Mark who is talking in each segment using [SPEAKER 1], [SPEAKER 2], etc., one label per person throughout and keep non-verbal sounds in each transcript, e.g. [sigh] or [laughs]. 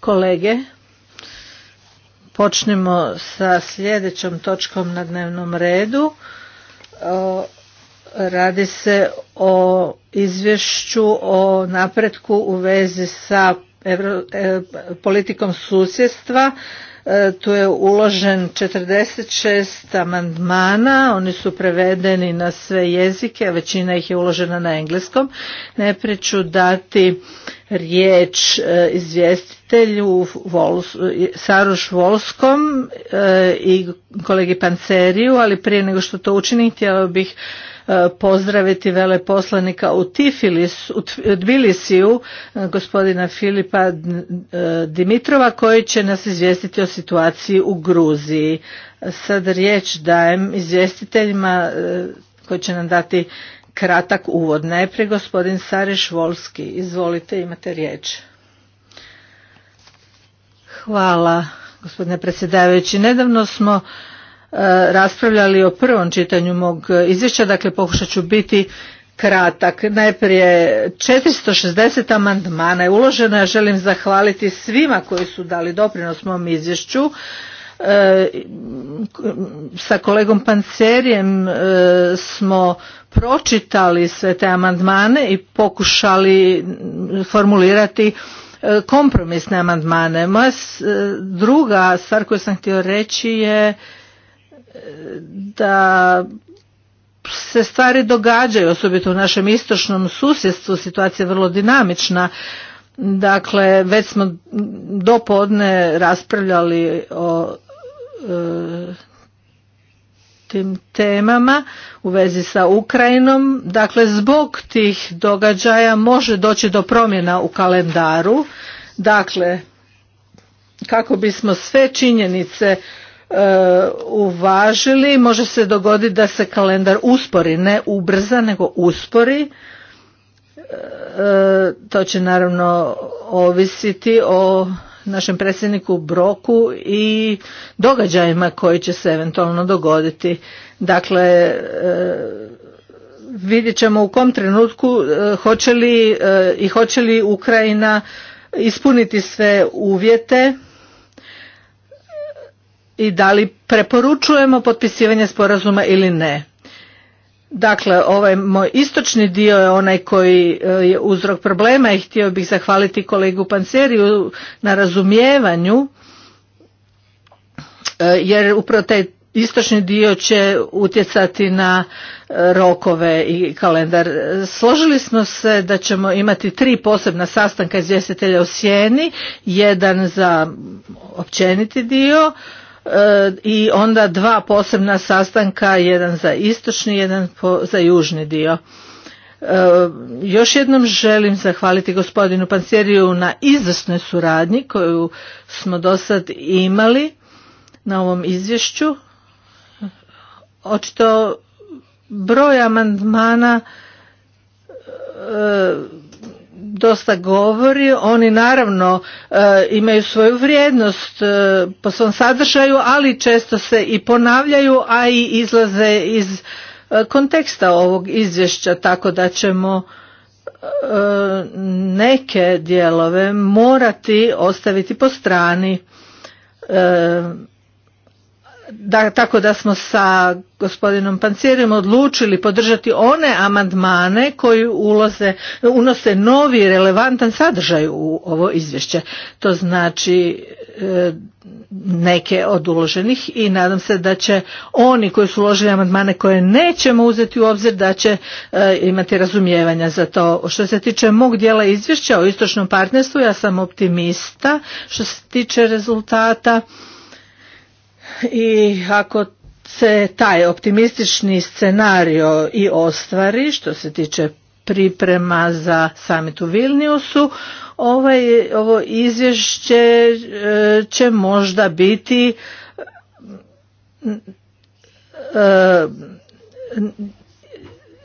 [SPEAKER 1] Kolege, počnemo sa sljedećom točkom na dnevnom redu. Radi se o izvješću o napretku u vezi sa e, politikom susjedstva E, tu je uložen 46 amandmana, oni su prevedeni na sve jezike, a većina ih je uložena na engleskom. Najprije ću dati riječ e, izvjestitelju Vols, Volskom e, i kolegi Panceriju, ali prije nego što to učinim htjela bih E, pozdraviti veleposlanika u u Tbilisiju, e, gospodina Filipa e, Dimitrova, koji će nas izvijestiti o situaciji u Gruziji. Sad riječ dajem izvjestiteljima koji će nam dati kratak uvod. Najprije gospodin Sareš Volski. Izvolite, imate riječ. Hvala gospodine predsjedavajući. Nedavno smo E, raspravljali o prvom čitanju mog izvješća, dakle pokušat ću biti kratak. Najprije 460 amandmana je uloženo, ja želim zahvaliti svima koji su dali doprinos mom izvješću. E, sa kolegom Pancerijem e, smo pročitali sve te amandmane i pokušali formulirati kompromisne amandmane. Moja druga stvar koju sam htio reći je da se stvari događaju, osobito u našem istočnom susjedstvu, situacija je vrlo dinamična. Dakle, već smo dopodne raspravljali o e, tim temama u vezi sa Ukrajinom. Dakle, zbog tih događaja može doći do promjena u kalendaru. Dakle, kako bismo sve činjenice E, uvažili. Može se dogoditi da se kalendar uspori, ne ubrza, nego uspori. E, to će naravno ovisiti o našem predsjedniku Broku i događajima koji će se eventualno dogoditi. Dakle, e, vidjet ćemo u kom trenutku hoće li i hoće li Ukrajina ispuniti sve uvjete i da li preporučujemo potpisivanje sporazuma ili ne. Dakle, ovaj moj istočni dio je onaj koji eh, je uzrok problema i htio bih zahvaliti kolegu Panceriju na razumijevanju, eh, jer upravo taj istočni dio će utjecati na eh, rokove i kalendar. Složili smo se da ćemo imati tri posebna sastanka izvjestitelja u Sjeni, jedan za općeniti dio, E, i onda dva posebna sastanka, jedan za istočni, jedan za južni dio. E, još jednom želim zahvaliti gospodinu Pancjeriju na izvrsnoj suradnji koju smo do sad imali na ovom izvješću. Očito broj amandmana e, dosta govori oni naravno e, imaju svoju vrijednost e, po svom sadržaju ali često se i ponavljaju a i izlaze iz e, konteksta ovog izvješća tako da ćemo neke dijelove morati ostaviti po strani da, tako da smo sa gospodinom Pancirim odlučili podržati one amandmane koji unose novi relevantan sadržaj u ovo izvješće. To znači e, neke od uloženih i nadam se da će oni koji su uložili amandmane koje nećemo uzeti u obzir da će e, imati razumijevanja za to. Što se tiče mog dijela izvješća o istočnom partnerstvu, ja sam optimista što se tiče rezultata i ako se taj optimistični scenario i ostvari što se tiče priprema za summit u Vilniusu, ovaj, ovo izvješće e, će možda biti e,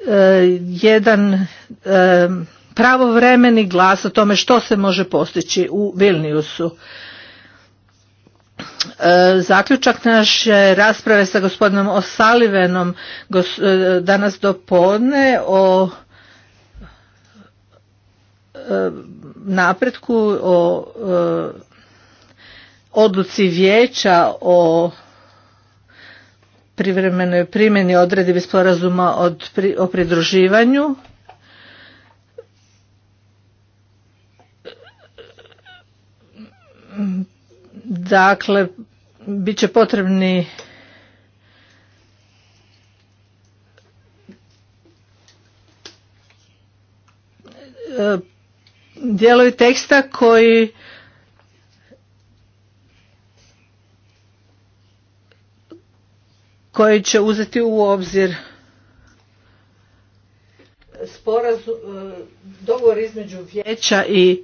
[SPEAKER 1] e, jedan pravovremeni glas o tome što se može postići u Vilniusu. E, zaključak naše rasprave sa gospodinom Osalivenom e, danas do podne o e, napretku, o odluci vijeća o privremenoj primjeni odredbi sporazuma o pridruživanju Dakle, bit će potrebni dijelovi teksta koji koji će uzeti u obzir sporazum, e, dogovor između vijeća i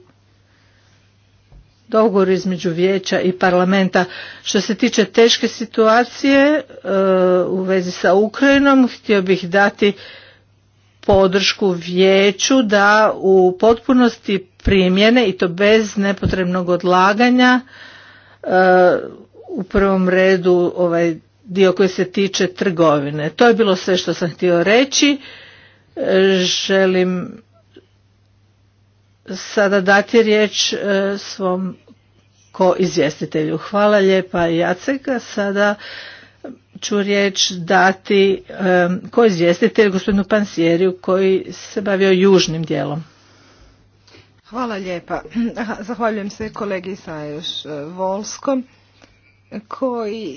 [SPEAKER 1] dogovor između vijeća i parlamenta. Što se tiče teške situacije e, u vezi sa Ukrajinom, htio bih dati podršku vijeću da u potpunosti primjene i to bez nepotrebnog odlaganja e, u prvom redu ovaj dio koji se tiče trgovine. To je bilo sve što sam htio reći. E, želim sada dati riječ e, svom ko izvjestitelju. Hvala lijepa a Sada ću riječ dati e, ko izvjestitelj gospodinu Pansjeriju koji se bavio južnim dijelom.
[SPEAKER 2] Hvala lijepa. [clears throat] Zahvaljujem se kolegi Sajuš e, Volskom koji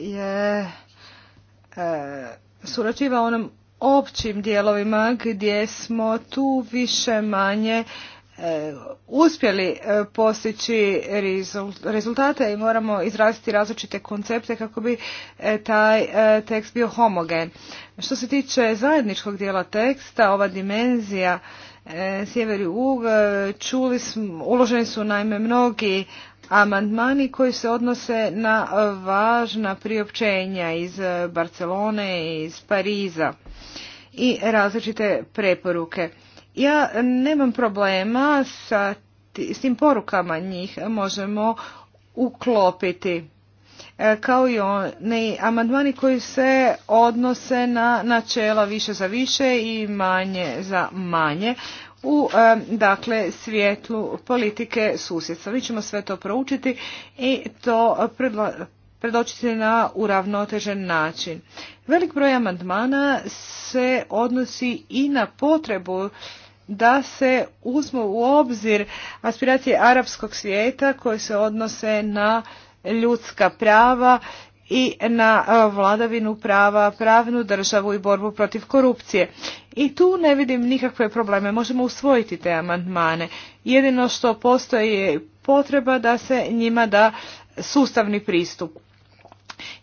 [SPEAKER 2] je surađivao onom općim dijelovima gdje smo tu više manje E, uspjeli e, postići rezultate i moramo izraziti različite koncepte kako bi e, taj tekst bio homogen. Što se tiče zajedničkog dijela teksta, ova dimenzija sjever ug, čuli smo, uloženi su naime mnogi amandmani koji se odnose na važna priopćenja iz Barcelone i iz Pariza i različite preporuke. Ja nemam problema sa s tim porukama njih možemo uklopiti e, kao i oni amandmani koji se odnose na načela više za više i manje za manje u e, dakle svjetlu politike susjedstva. Mi ćemo sve to proučiti i to predočiti na uravnotežen način. Velik broj amandmana se odnosi i na potrebu da se uzmu u obzir aspiracije arapskog svijeta koje se odnose na ljudska prava i na e, vladavinu prava, pravnu državu i borbu protiv korupcije. I tu ne vidim nikakve probleme. Možemo usvojiti te amandmane. Jedino što postoji je potreba da se njima da sustavni pristup.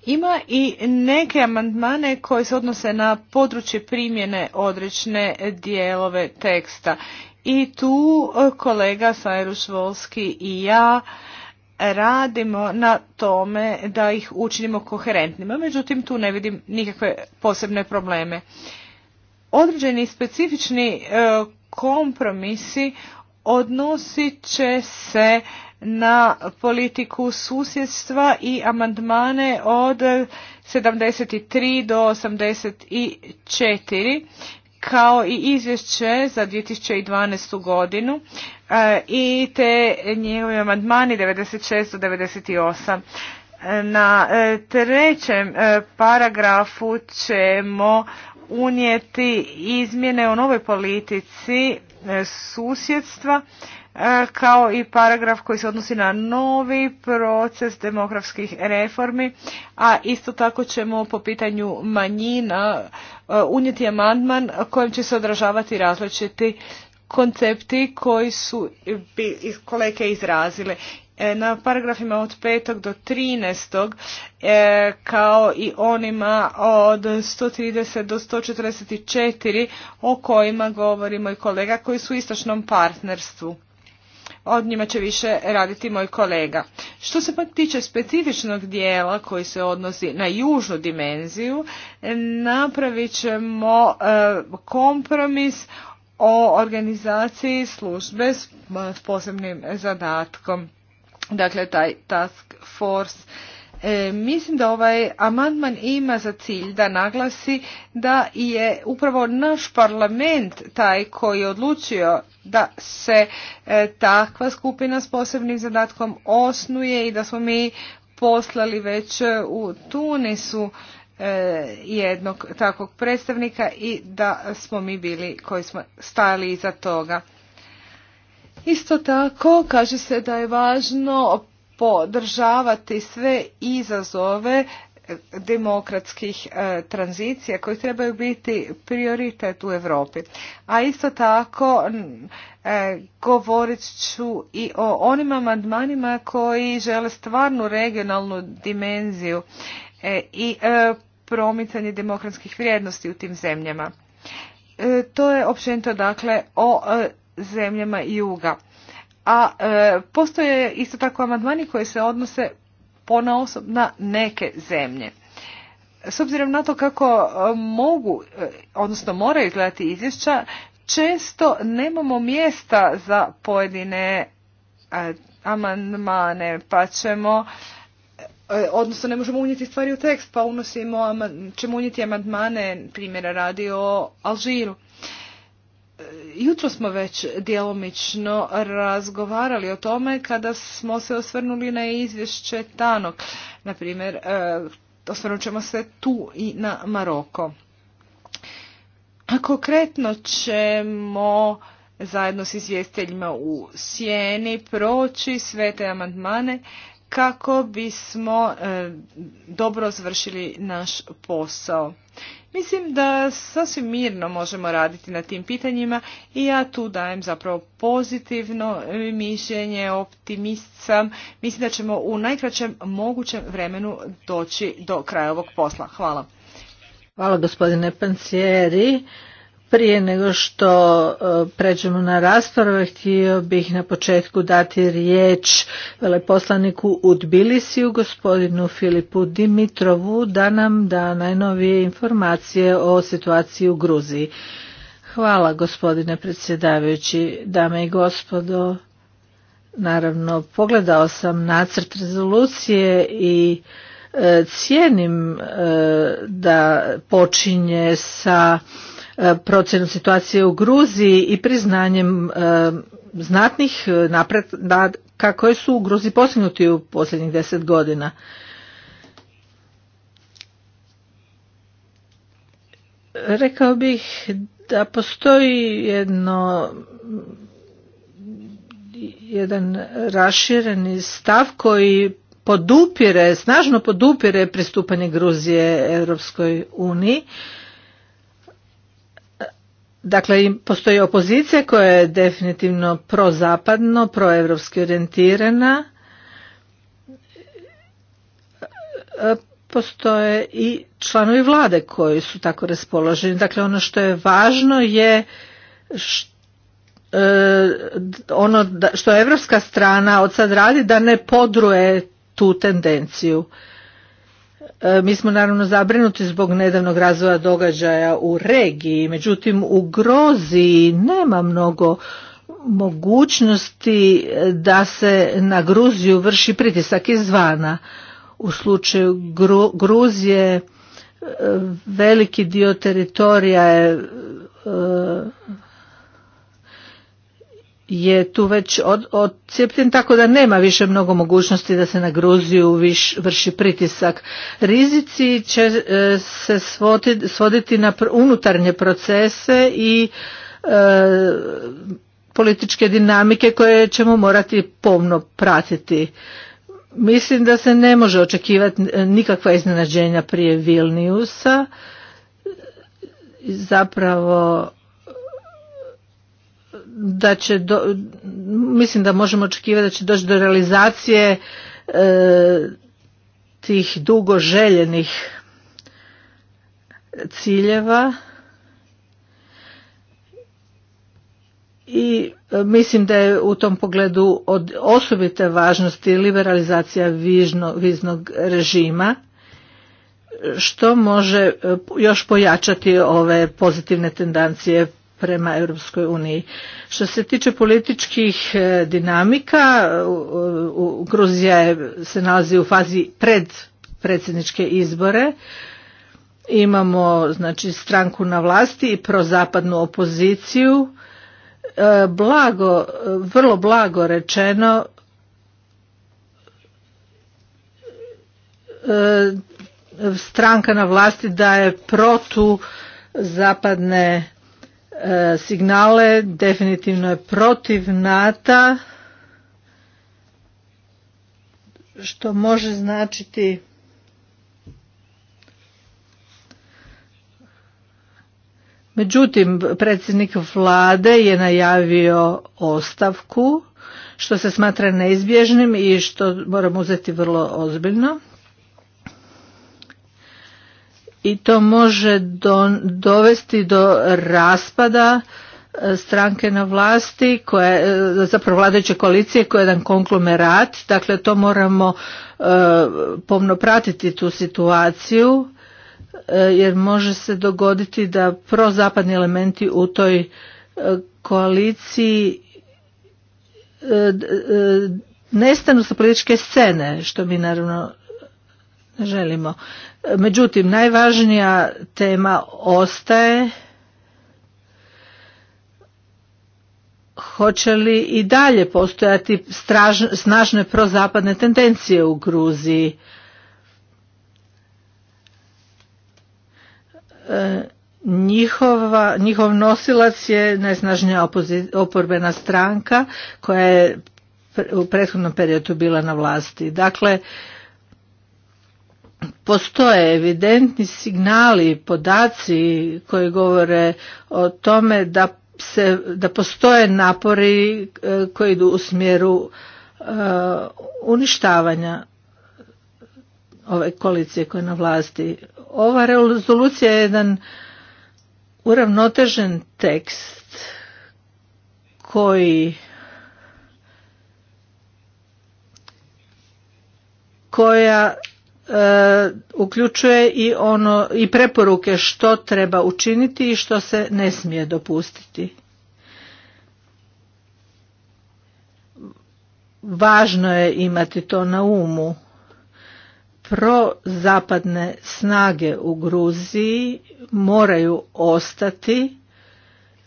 [SPEAKER 2] Ima i neke amandmane koje se odnose na područje primjene određene dijelove teksta. I tu e, kolega Sajruš Volski i ja radimo na tome da ih učinimo koherentnima. Međutim, tu ne vidim nikakve posebne probleme. Određeni specifični e, kompromisi odnosit će se na politiku susjedstva i amandmane od 73 do 84 kao i izvješće za 2012. godinu e, i te njegovi amandmani 96 do 98. Na e, trećem e, paragrafu ćemo unijeti izmjene o novoj politici susjedstva E, kao i paragraf koji se odnosi na novi proces demografskih reformi, a isto tako ćemo po pitanju manjina e, unijeti amandman kojim će se odražavati različiti koncepti koji su kolege izrazile. E, na paragrafima od 5. do 13. kao i onima od 130 do 144 o kojima govorimo i kolega koji su u istočnom partnerstvu. O njima će više raditi moj kolega. Što se pak tiče specifičnog dijela koji se odnosi na južnu dimenziju, napravit ćemo e, kompromis o organizaciji službe s posebnim zadatkom. Dakle, taj task force e, mislim da ovaj amandman ima za cilj da naglasi da je upravo naš parlament taj koji je odlučio da se e, takva skupina s posebnim zadatkom osnuje i da smo mi poslali već e, u Tunisu e, jednog takvog predstavnika i da smo mi bili koji smo stajali iza toga. Isto tako kaže se da je važno podržavati sve izazove demokratskih e, tranzicija koji trebaju biti prioritet u Europi. A isto tako e, govorit ću i o onim amandmanima koji žele stvarnu regionalnu dimenziju e, i promicanje demokratskih vrijednosti u tim zemljama. To je općenito dakle o zemljama juga. A postoje isto tako amandmani koji se odnose ponaosob na neke zemlje. S obzirom na to kako e, mogu, e, odnosno moraju izgledati izvješća, često nemamo mjesta za pojedine e, amandmane, pa ćemo odnosno ne možemo unijeti stvari u tekst, pa unosimo, ćemo unijeti amandmane primjera radi o Alžiru. Jutro smo već djelomično razgovarali o tome kada smo se osvrnuli na izvješće Tanok. Naprimjer, e, osvrnut ćemo se tu i na Maroko. Konkretno ćemo zajedno s izvjestiteljima u Sjeni proći sve te amandmane kako bismo e, dobro završili naš posao. Mislim da sasvim mirno možemo raditi na tim pitanjima i ja tu dajem zapravo pozitivno mišljenje, optimist sam. Mislim da ćemo u najkraćem mogućem vremenu doći do kraja ovog posla.
[SPEAKER 1] Hvala. Hvala gospodine Pancieri. Prije nego što e, pređemo na rasprave, htio bih na početku dati riječ veleposlaniku u gospodinu Filipu Dimitrovu, da nam da najnovije informacije o situaciji u Gruziji. Hvala gospodine predsjedavajući, dame i gospodo. Naravno, pogledao sam nacrt rezolucije i e, cijenim e, da počinje sa E, procjenu situacije u Gruziji i priznanjem e, znatnih e, napredaka kako su u Gruziji postignuti u posljednjih deset godina. Rekao bih da postoji jedno jedan rašireni stav koji podupire, snažno podupire pristupanje Gruzije Europskoj uniji. Dakle, postoji opozicija koja je definitivno prozapadno, proevropski orijentirana. E, postoje i članovi vlade koji su tako raspoloženi. Dakle, ono što je važno je što e, ono što evropska strana od sad radi da ne podruje tu tendenciju. E, mi smo naravno zabrinuti zbog nedavnog razvoja događaja u regiji, međutim u grozi nema mnogo mogućnosti da se na Gruziju vrši pritisak izvana. U slučaju Gruzije e, veliki dio teritorija je e, je tu već od, odcijepljen tako da nema više mnogo mogućnosti da se na Gruziju viš, vrši pritisak. Rizici će e, se svoditi na unutarnje procese i e, političke dinamike koje ćemo morati pomno pratiti. Mislim da se ne može očekivati e, nikakva iznenađenja prije Vilniusa. Zapravo da će mislim da možemo očekivati da će doći do realizacije e, tih dugo željenih ciljeva i e, mislim da je u tom pogledu od osobite važnosti liberalizacija viznog režima što može e, još pojačati ove pozitivne tendencije prema Europskoj uniji. Što se tiče političkih e, dinamika, Gruzija se nalazi u fazi pred predsjedničke izbore. Imamo znači stranku na vlasti i prozapadnu opoziciju. E, blago, vrlo blago rečeno e, stranka na vlasti daje protu zapadne E, signale, definitivno je protiv NATO što može značiti Međutim, predsjednik vlade je najavio ostavku, što se smatra neizbježnim i što moramo uzeti vrlo ozbiljno i to može dovesti do raspada e, stranke na vlasti koja e, zapravo vladajuće koalicije koja je jedan konklomerat dakle to moramo e, pomno pratiti tu situaciju e, jer može se dogoditi da prozapadni elementi u toj koaliciji nestanu sa političke scene što mi naravno želimo Međutim, najvažnija tema ostaje hoće li i dalje postojati snažne prozapadne tendencije u Gruziji. E, njihova, njihov nosilac je najsnažnija oporbena stranka koja je u prethodnom periodu bila na vlasti. Dakle, postoje evidentni signali, podaci koji govore o tome da se, da postoje napori e, koji idu u smjeru e, uništavanja ove koalicije koja je na vlasti. Ova rezolucija je jedan uravnotežen tekst koji koja E, uključuje i ono i preporuke što treba učiniti i što se ne smije dopustiti. Važno je imati to na umu. Prozapadne snage u Gruziji moraju ostati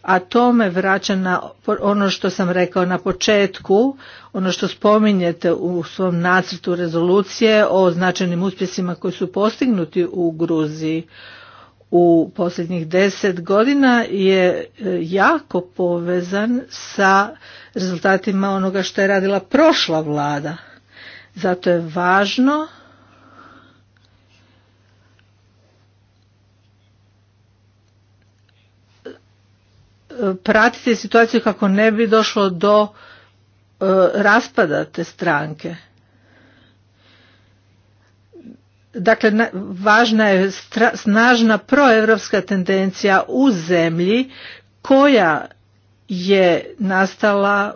[SPEAKER 1] a to me vraća na ono što sam rekao na početku, ono što spominjete u svom nacrtu rezolucije o značajnim uspjesima koji su postignuti u Gruziji u posljednjih deset godina je e, jako povezan sa rezultatima onoga što je radila prošla vlada. Zato je važno pratiti situaciju kako ne bi došlo do e, raspada te stranke. Dakle, važna je snažna proevropska tendencija u zemlji koja je nastala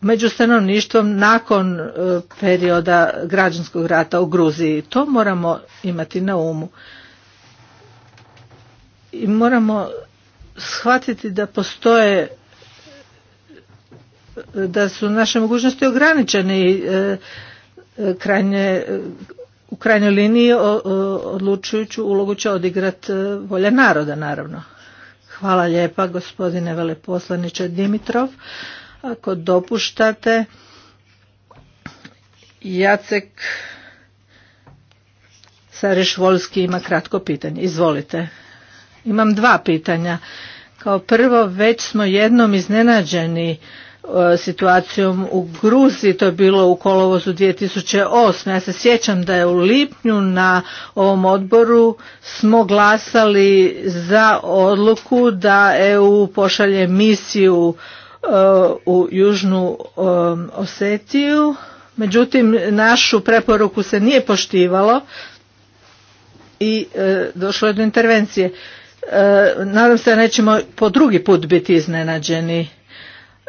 [SPEAKER 1] među stanovništvom nakon e, perioda građanskog rata u Gruziji. To moramo imati na umu. I moramo shvatiti da postoje da su naše mogućnosti ograničene e, e, krajnje u krajnjoj liniji odlučujuću ulogu će odigrat e, volja naroda naravno. Hvala lijepa gospodine veleposlaniče Dimitrov. Ako dopuštate, Jacek Volski ima kratko pitanje. Izvolite. Imam dva pitanja. Kao prvo, već smo jednom iznenađeni e, situacijom u Gruziji, to je bilo u kolovozu 2008. Ja se sjećam da je u lipnju na ovom odboru smo glasali za odluku da EU pošalje misiju e, u Južnu e, Osetiju. Međutim, našu preporuku se nije poštivalo i došlo je do intervencije. E, nadam se da nećemo po drugi put biti iznenađeni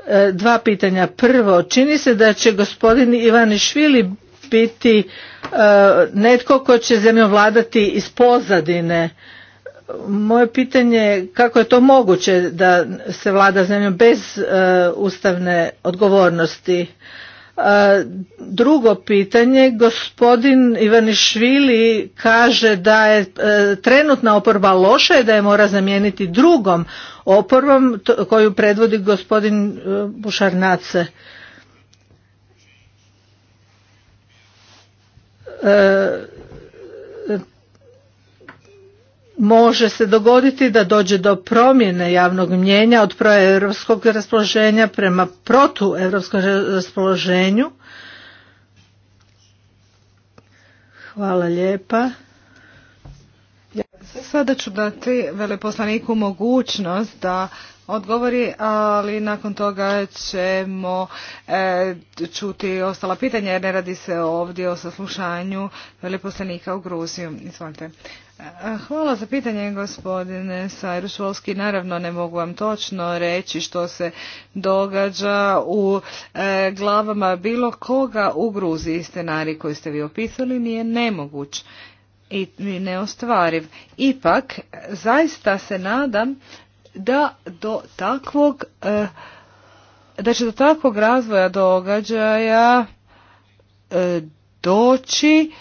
[SPEAKER 1] e, dva pitanja prvo čini se da će gospodin Švili biti e, netko ko će zemljom vladati iz pozadine moje pitanje je kako je to moguće da se vlada zemljom bez ustavne odgovornosti E, drugo pitanje, gospodin Ivanišvili kaže da je e, trenutna oporba loša i da je mora zamijeniti drugom oporbom koju predvodi gospodin e, Bušarnace može se dogoditi da dođe do promjene javnog mnjenja od proeuropskog raspoloženja prema protueuropskom raspoloženju. Hvala lijepa.
[SPEAKER 2] Sada ću dati veleposlaniku mogućnost da odgovori, ali nakon toga ćemo e, čuti ostala pitanja jer ne radi se ovdje o saslušanju veleposlanika u Gruziju. Izvolite. E, hvala za pitanje gospodine Volski. Naravno ne mogu vam točno reći što se događa u e, glavama bilo koga u Gruziji. Scenarij koji ste vi opisali nije nemoguć i neostvariv. Ipak, zaista se nadam da do takvog eh, da će do takvog razvoja događaja eh, doći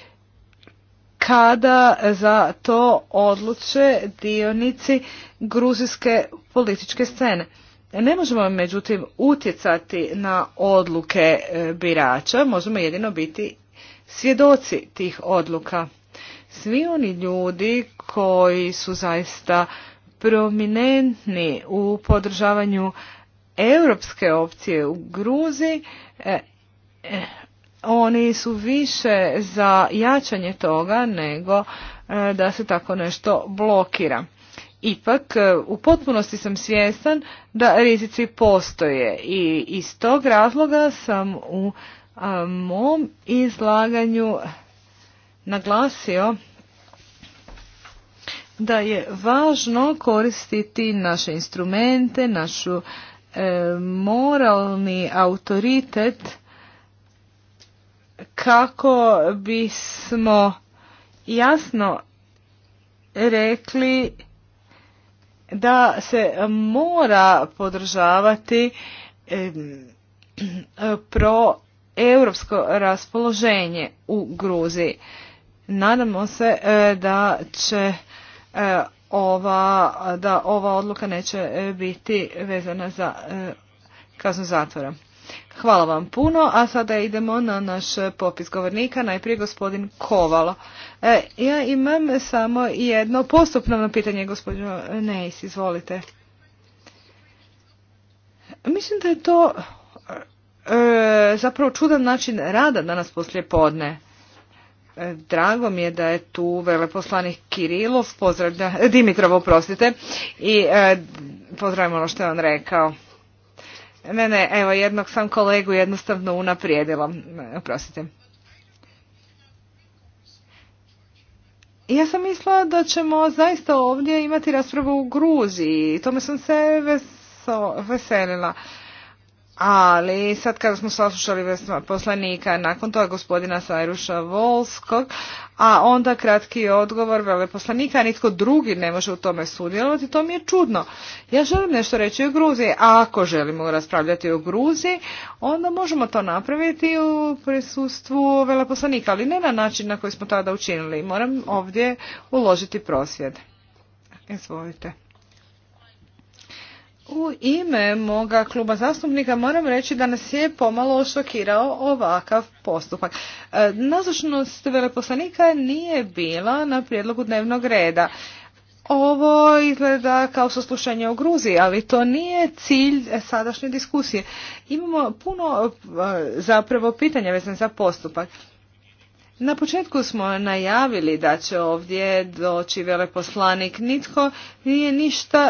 [SPEAKER 2] kada za to odluče dionici gruzijske političke scene. Ne možemo međutim utjecati na odluke eh, birača, možemo jedino biti svjedoci tih odluka. Svi oni ljudi koji su zaista prominentni u podržavanju europske opcije u Gruzi e, e, oni su više za jačanje toga nego e, da se tako nešto blokira. Ipak, u potpunosti sam svjestan da rizici postoje i iz tog razloga sam u mom izlaganju naglasio da je važno koristiti naše instrumente, našu e, moralni autoritet kako bismo jasno rekli da se mora podržavati pro europsko raspoloženje u Gruziji. Nadamo se e, da će E, ova, da ova odluka neće e, biti vezana za e, kaznu zatvora. Hvala vam puno, a sada idemo na naš popis govornika, najprije gospodin Kovalo. ja imam samo jedno postupno pitanje, gospođo Neis, izvolite. Mislim da je to zapravo čudan način rada danas poslije podne. Drago mi je da je tu veleposlanik Kirilov, pozdravlja, [laughs] Dimitrov, oprostite, i e, pozdravimo ono što je on rekao. Ne, ne, evo, jednog sam kolegu jednostavno unaprijedila, oprostite. Ja sam mislila da ćemo zaista ovdje imati raspravu u Gruziji tome sam se veselila. Ali sad kada smo saslušali poslanika nakon toga gospodina Sajruša Volskog, a onda kratki odgovor veleposlanika, a nitko drugi ne može u tome sudjelovati, to mi je čudno. Ja želim nešto reći o Gruziji, a ako želimo raspravljati o Gruziji, onda možemo to napraviti u prisustvu veleposlanika, ali ne na način na koji smo tada učinili. Moram ovdje uložiti prosvjed. Izvolite. U ime moga kluba zastupnika moram reći da nas je pomalo šokirao ovakav postupak. E, nazočnost veleposlanika nije bila na prijedlogu dnevnog reda. Ovo izgleda kao saslušanje o Gruziji, ali to nije cilj sadašnje diskusije. Imamo puno e, zapravo pitanja vezan za postupak. Na početku smo najavili da će ovdje doći veleposlanik. Nitko nije ništa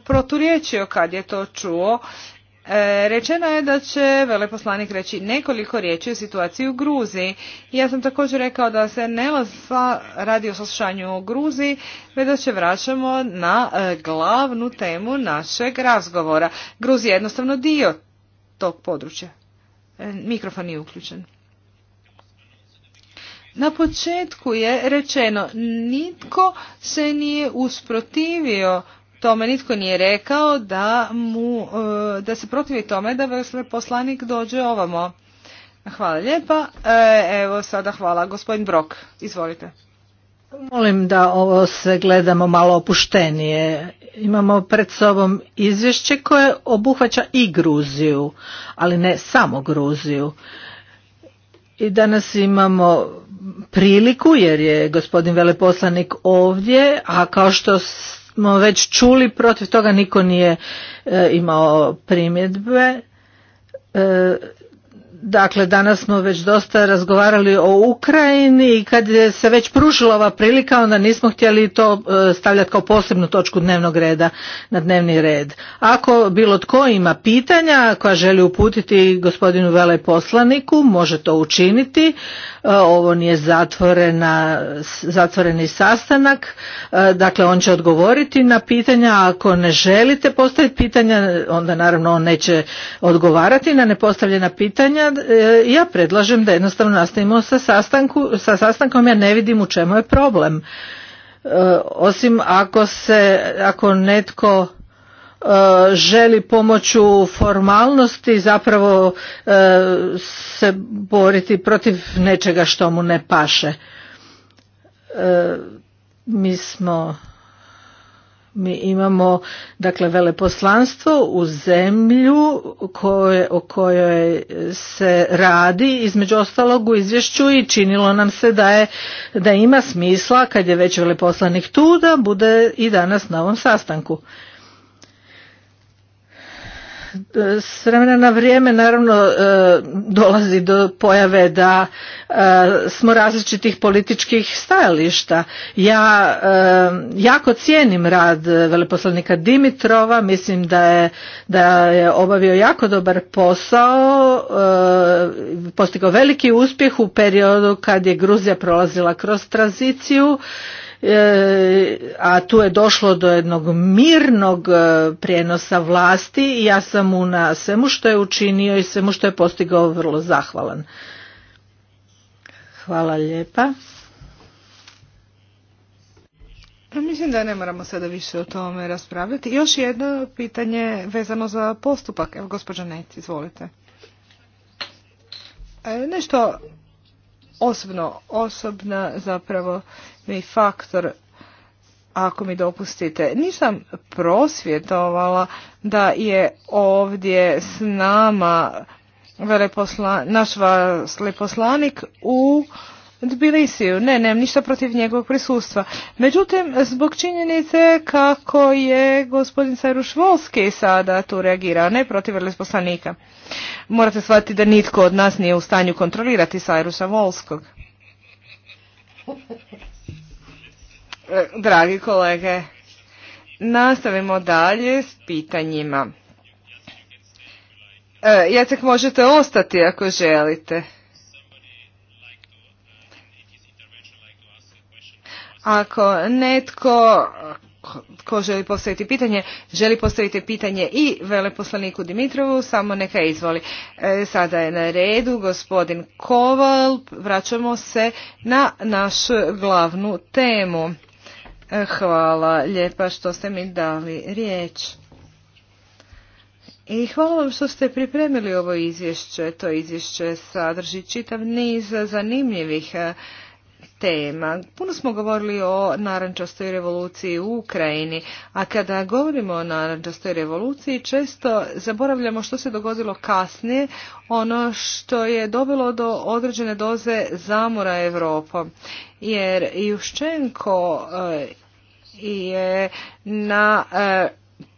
[SPEAKER 2] e, proturječio kad je to čuo. E, rečeno je da će veleposlanik reći nekoliko riječi o situaciji u Gruzi. Ja sam također rekao da se ne radi o saslušanju o Gruzi, već da će vraćamo na e, glavnu temu našeg razgovora. Gruzija je jednostavno dio tog područja. E, mikrofon je uključen. Na početku je rečeno nitko se nije usprotivio tome, nitko nije rekao da, mu, e, da se protivi tome da poslanik dođe ovamo. Hvala lijepa. E, evo sada hvala. Gospodin Brok, izvolite.
[SPEAKER 1] Molim da ovo sve gledamo malo opuštenije. Imamo pred sobom izvješće koje obuhvaća i Gruziju, ali ne samo Gruziju. I danas imamo priliku jer je gospodin veleposlanik ovdje, a kao što smo već čuli protiv toga niko nije e, imao primjedbe. E, dakle, danas smo već dosta razgovarali o Ukrajini i kad je se već pružila ova prilika, onda nismo htjeli to e, stavljati kao posebnu točku dnevnog reda na dnevni red. Ako bilo tko ima pitanja koja želi uputiti gospodinu veleposlaniku, može to učiniti. E, ovo nije zatvorena, zatvoreni sastanak, e, dakle on će odgovoriti na pitanja, ako ne želite postaviti pitanja, onda naravno on neće odgovarati na nepostavljena pitanja. E, ja predlažem da jednostavno nastavimo sa, sastanku, sa sastankom, ja ne vidim u čemu je problem. Osim ako se, ako netko E, želi pomoću formalnosti zapravo e, se boriti protiv nečega što mu ne paše. E, mi smo mi imamo dakle veleposlanstvo u zemlju koje, o kojoj se radi između ostalog u izvješću i činilo nam se da, je, da ima smisla kad je već veleposlanik tu da bude i danas na ovom sastanku. S vremena na vrijeme naravno e, dolazi do pojave da e, smo različitih političkih stajališta. Ja e, jako cijenim rad veleposlanika Dimitrova, mislim da je, da je obavio jako dobar posao, postigao veliki uspjeh u periodu kad je Gruzija prolazila kroz tranziciju E, a tu je došlo do jednog mirnog e, prijenosa vlasti i ja sam mu na svemu što je učinio i svemu što je postigao vrlo zahvalan. Hvala lijepa.
[SPEAKER 2] Pa mislim da ne moramo sada više o tome raspravljati. Još jedno pitanje vezano za postupak. Evo, gospođa Nec, izvolite. E, nešto osobno, osobna zapravo bitni faktor ako mi dopustite. Nisam prosvjetovala da je ovdje s nama naš veleposlanik u Tbilisiju. Ne, nemam ništa protiv njegovog prisustva. Međutim, zbog činjenice kako je gospodin Sajruš Volski sada tu reagirao, ne protiv veleposlanika. Morate shvatiti da nitko od nas nije u stanju kontrolirati Sajruša Volskog. E, dragi kolege. Nastavimo dalje s pitanjima. E, Jacek, možete ostati ako želite. Ako netko ko želi postaviti pitanje, želi postaviti pitanje i veleposlaniku Dimitrovu, samo neka izvoli. E, sada je na redu gospodin Koval, vraćamo se na našu glavnu temu. Hvala lijepa što ste mi dali riječ. I hvala vam što ste pripremili ovo izvješće. To izvješće sadrži čitav niz zanimljivih e, tema. Puno smo govorili o narančastoj revoluciji u Ukrajini, a kada govorimo o narančastoj revoluciji često zaboravljamo što se dogodilo kasnije, ono što je dobilo do određene doze zamora Evropom. Jer Juščenko e, je na e,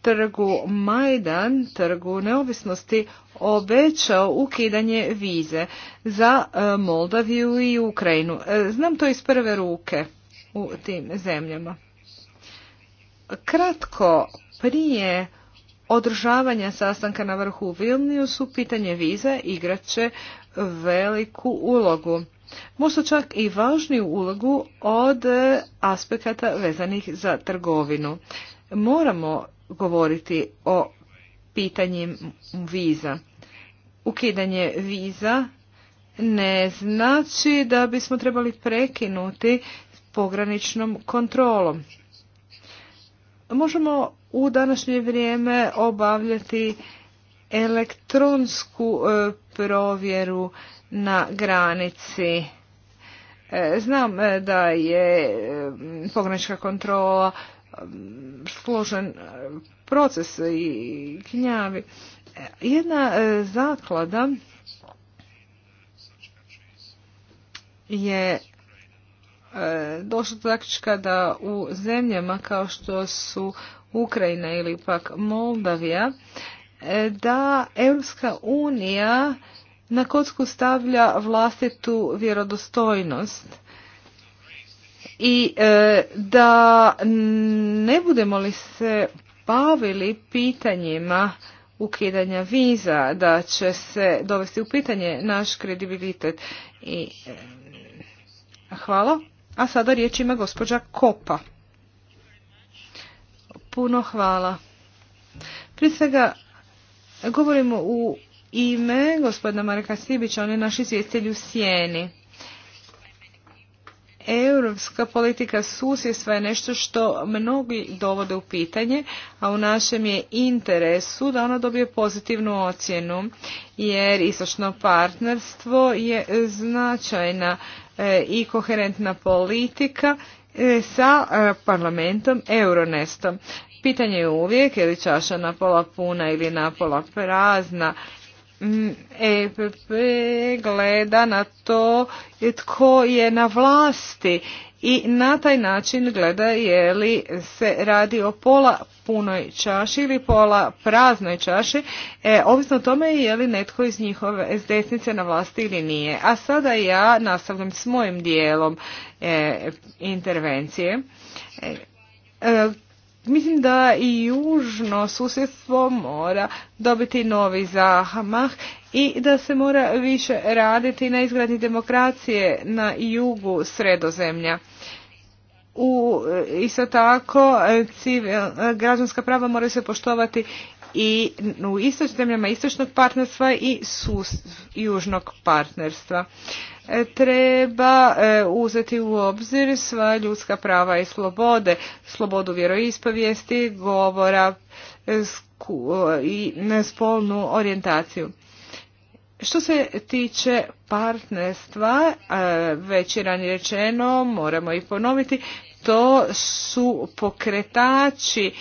[SPEAKER 2] trgu Majdan, trgu neovisnosti, obećao ukidanje vize za e, Moldaviju i Ukrajinu. E, znam to iz prve ruke u tim zemljama. Kratko prije održavanja sastanka na vrhu u Vilniusu pitanje viza igraće veliku ulogu možda čak i važniju ulogu od aspekata vezanih za trgovinu. Moramo govoriti o pitanjem viza. Ukidanje viza ne znači da bismo trebali prekinuti pograničnom kontrolom. Možemo u današnje vrijeme obavljati elektronsku e, provjeru na granici. E, znam e, da je e, pogranička kontrola složen proces i knjavi. Jedna zaklada je došla do zaključka da u zemljama kao što su Ukrajina ili pak Moldavija da Europska unija na kocku stavlja vlastitu vjerodostojnost i e, da ne budemo li se bavili pitanjima ukidanja viza, da će se dovesti u pitanje naš kredibilitet. I, e, hvala. A sada riječ ima gospođa Kopa. Puno hvala. Prije svega govorimo u ime gospodina Marka Stibića, on je naš izvjestelj u Sjeni. Europska politika susjedstva je nešto što mnogi dovode u pitanje, a u našem je interesu da ona dobije pozitivnu ocjenu, jer istočno partnerstvo je značajna e, i koherentna politika e, sa e, parlamentom Euronestom. Pitanje je uvijek je li čaša pola puna ili napola prazna, EPP gleda na to tko je na vlasti i na taj način gleda je li se radi o pola punoj čaši ili pola praznoj čaši, e, ovisno o tome je li netko iz njihove desnice na vlasti ili nije. A sada ja nastavljam s mojim dijelom e, intervencije. E, e Mislim da i južno susjedstvo mora dobiti novi zahamah i da se mora više raditi na izgradnji demokracije na jugu sredozemlja. U, e, isto tako, e, e, građanska prava moraju se poštovati i u istočnim zemljama istočnog partnerstva i sus, južnog partnerstva. E, treba e, uzeti u obzir sva ljudska prava i slobode, slobodu vjeroispovijesti, govora e, i spolnu orijentaciju. Što se tiče partnerstva, već je ranije rečeno, moramo i ponoviti, to su pokretači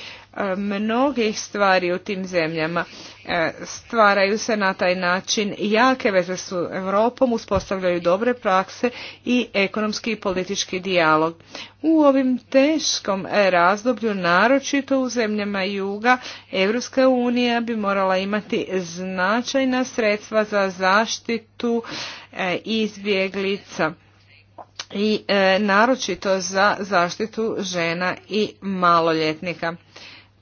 [SPEAKER 2] mnogih stvari u tim zemljama. E, stvaraju se na taj način jake veze s Europom, uspostavljaju dobre prakse i ekonomski i politički dijalog. U ovim teškom razdoblju, naročito u zemljama juga, Europska unija bi morala imati značajna sredstva za zaštitu e, izbjeglica i e, naročito za zaštitu žena i maloljetnika.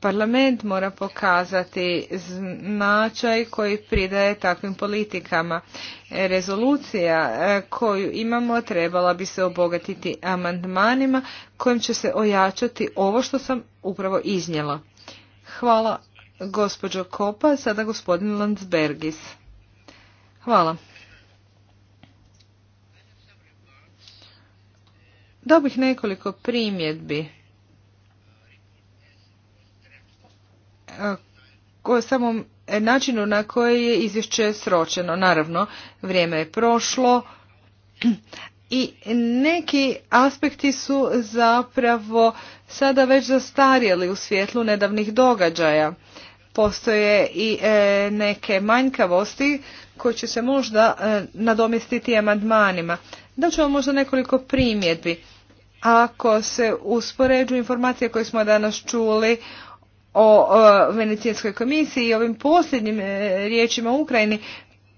[SPEAKER 2] Parlament mora pokazati značaj koji pridaje takvim politikama. Rezolucija e, koju imamo trebala bi se obogatiti amandmanima kojim će se ojačati ovo što sam upravo iznijela. Hvala gospođo Kopa, sada gospodin Landsbergis. Hvala. Dobih nekoliko primjedbi samom načinu na koje je izvješće sročeno. Naravno, vrijeme je prošlo [clears throat] i neki aspekti su zapravo sada već zastarjeli u svjetlu nedavnih događaja. Postoje i e, neke manjkavosti koje će se možda e, nadomjestiti amandmanima. Da vam možda nekoliko primjedbi. Ako se uspoređu informacije koje smo danas čuli o Venecijanskoj komisiji i ovim posljednjim e, riječima u Ukrajini,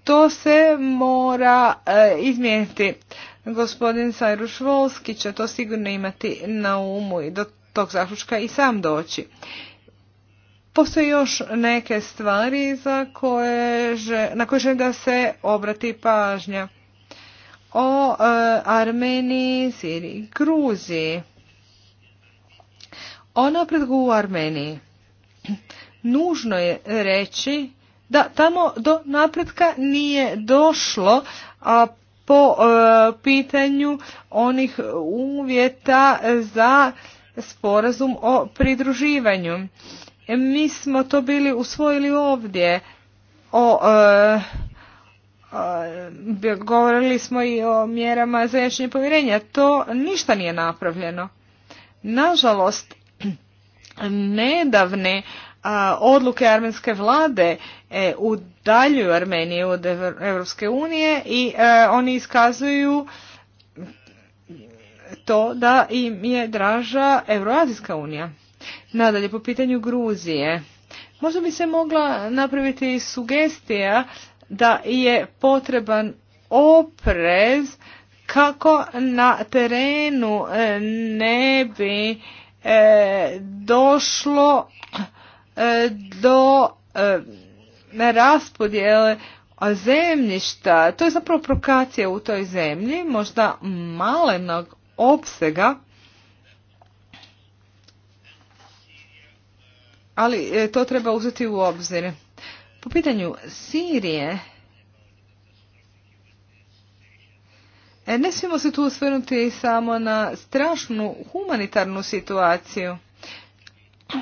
[SPEAKER 2] to se mora e, izmijeniti. Gospodin Sajruš Volski će to sigurno imati na umu i do tog zaključka i sam doći. Postoje još neke stvari koje, na koje želim da se obrati pažnja. O e, Armeniji, Siriji, Gruziji. Ona predgu u Armeniji nužno je reći da tamo do napretka nije došlo a po e, pitanju onih uvjeta za sporazum o pridruživanju. E, mi smo to bili usvojili ovdje o e, govorili smo i o mjerama za povjerenja. To ništa nije napravljeno. Nažalost, nedavne odluke armenske vlade e, udaljuju Armeniju od Europske unije i e, oni iskazuju to da im je draža Euroazijska unija. Nadalje, po pitanju Gruzije, možda bi se mogla napraviti sugestija da je potreban oprez kako na terenu e, ne bi E, došlo e, do e, raspodjele zemljišta. To je zapravo prokacija u toj zemlji, možda malenog opsega, ali to treba uzeti u obzir. Po pitanju Sirije, E, ne smijemo se tu osvrnuti samo na strašnu humanitarnu situaciju,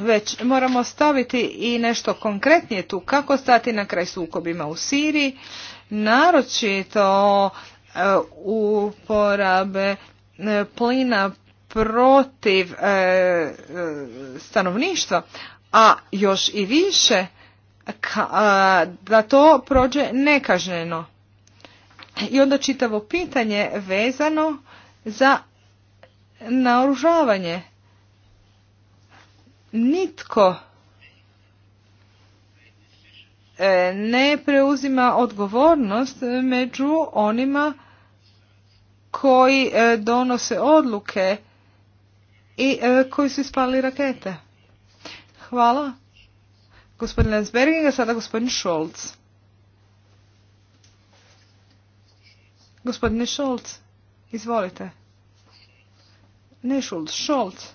[SPEAKER 2] već moramo staviti i nešto konkretnije tu kako stati na kraj sukobima u Siriji, naročito e, uporabe e, plina protiv stanovništva, a još i više da to prođe nekažnjeno. I onda čitavo pitanje vezano za naoružavanje. Nitko e, ne preuzima odgovornost među onima koji e, donose odluke i e, koji su ispali rakete. Hvala. Gospodin i sada gospodin Šolc. Gospodine Šolc, izvolite. Ne Šolc, Šolc.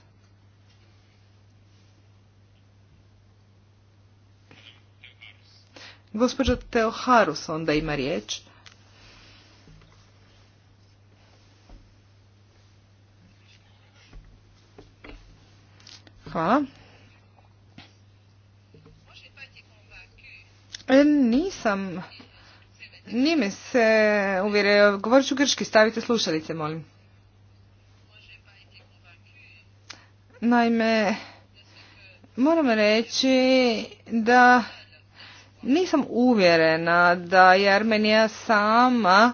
[SPEAKER 2] Gospođa Teoharus onda ima riječ. Hvala. E, nisam nije se uvjere govorit ću grški, stavite slušalice, molim. Naime, moram reći da nisam uvjerena da je Armenija sama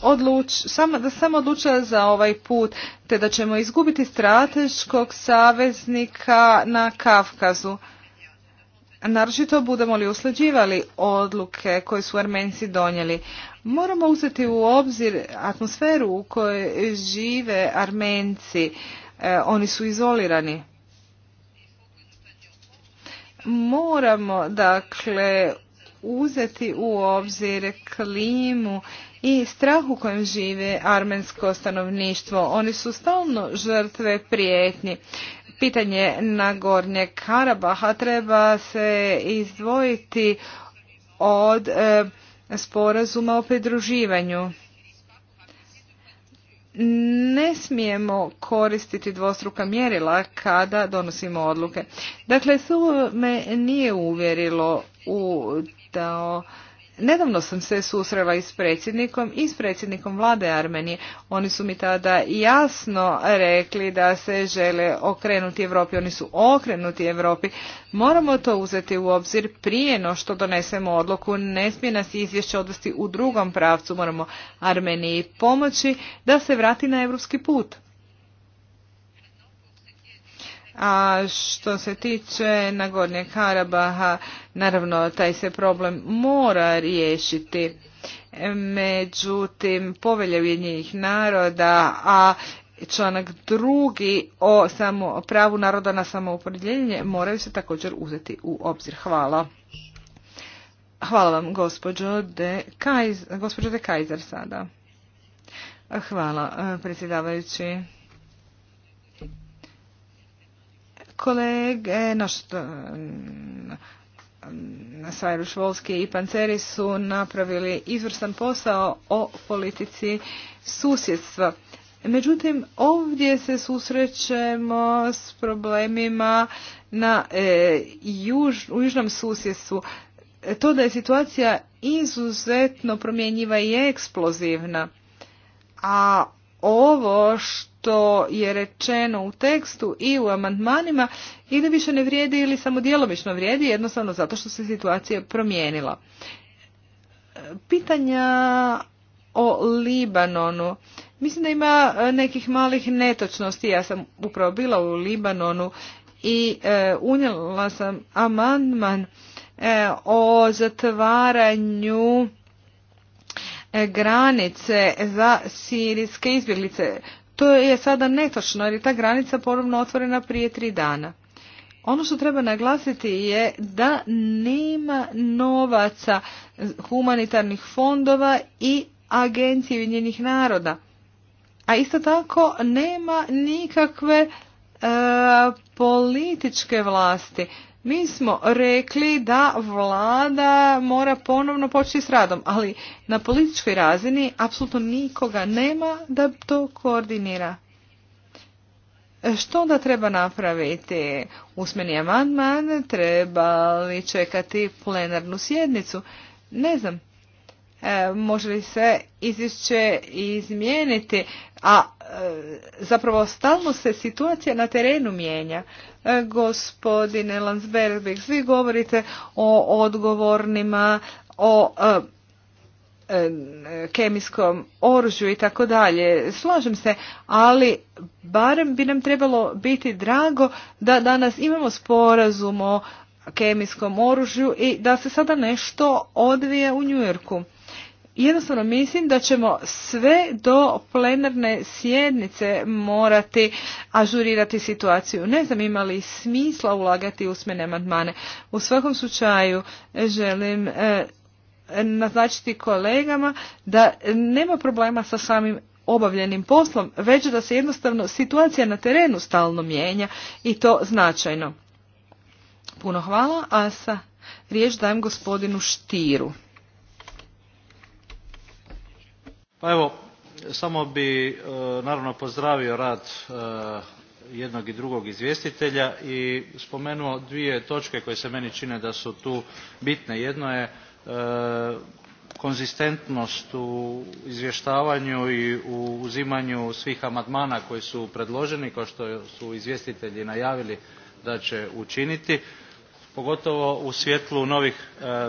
[SPEAKER 2] odluč, sama, da sam odlučila za ovaj put, te da ćemo izgubiti strateškog saveznika na Kafkazu naročito budemo li usklađivali odluke koje su Armenci donijeli. Moramo uzeti u obzir atmosferu u kojoj žive Armenci, e, oni su izolirani. Moramo dakle uzeti u obzir klimu i strah u kojem žive armensko stanovništvo. Oni su stalno žrtve prijetnji pitanje Gornje Karabaha treba se izdvojiti od e, sporazuma o pridruživanju. Ne smijemo koristiti dvostruka mjerila kada donosimo odluke. Dakle, su me nije uvjerilo u da Nedavno sam se susrela i s predsjednikom i s predsjednikom vlade Armenije. Oni su mi tada jasno rekli da se žele okrenuti Europi. Oni su okrenuti Europi. Moramo to uzeti u obzir prije no što donesemo odluku. Ne smije nas izvješće odvesti u drugom pravcu. Moramo Armeniji pomoći da se vrati na europski put. A što se tiče Nagornje Karabaha, naravno taj se problem mora riješiti. Međutim, povelje Ujedinjenih naroda, a članak drugi o samo, pravu naroda na samoopredjeljenje moraju se također uzeti u obzir. Hvala. Hvala vam, gospođo gospođo de Kajzer sada. Hvala, predsjedavajući. Kolege, no što, Sajruš Volski i Panceri su napravili izvrstan posao o politici susjedstva. Međutim, ovdje se susrećemo s problemima na, e, juž, u južnom susjedstvu. To da je situacija izuzetno promjenjiva i eksplozivna, a ovo što je rečeno u tekstu i u amandmanima ili više ne vrijedi ili samo djelomično vrijedi jednostavno zato što se situacija promijenila. Pitanja o Libanonu. Mislim da ima e, nekih malih netočnosti. Ja sam upravo bila u Libanonu i e, unijela sam amandman e, o zatvaranju granice za sirijske izbjeglice. To je sada netočno jer je ta granica ponovno otvorena prije tri dana. Ono što treba naglasiti je da nema novaca humanitarnih fondova i agencije Ujedinjenih naroda. A isto tako nema nikakve e, političke vlasti. Mi smo rekli da vlada mora ponovno početi s radom, ali na političkoj razini apsolutno nikoga nema da to koordinira. Što onda treba napraviti? Usmeni amandman, treba li čekati plenarnu sjednicu? Ne znam. E, može li se izvješće izmijeniti, a E, zapravo stalno se situacija na terenu mijenja. E, gospodine Lansberg, vi govorite o odgovornima, o e, kemijskom oružju i tako dalje. Slažem se, ali barem bi nam trebalo biti drago da danas imamo sporazum o kemijskom oružju i da se sada nešto odvije u Njujorku jednostavno mislim da ćemo sve do plenarne sjednice morati ažurirati situaciju. Ne znam ima li smisla ulagati usmene amandmane. U svakom slučaju želim e, naznačiti kolegama da nema problema sa samim obavljenim poslom, već da se jednostavno situacija na terenu stalno mijenja i to značajno. Puno hvala, a sa riječ dajem gospodinu Štiru.
[SPEAKER 3] Pa evo, samo bi e, naravno pozdravio rad e, jednog i drugog izvjestitelja i spomenuo dvije točke koje se meni čine da su tu bitne. Jedno je e, konzistentnost u izvještavanju i u uzimanju svih amandmana koji su predloženi kao što su izvjestitelji najavili da će učiniti pogotovo u svjetlu novih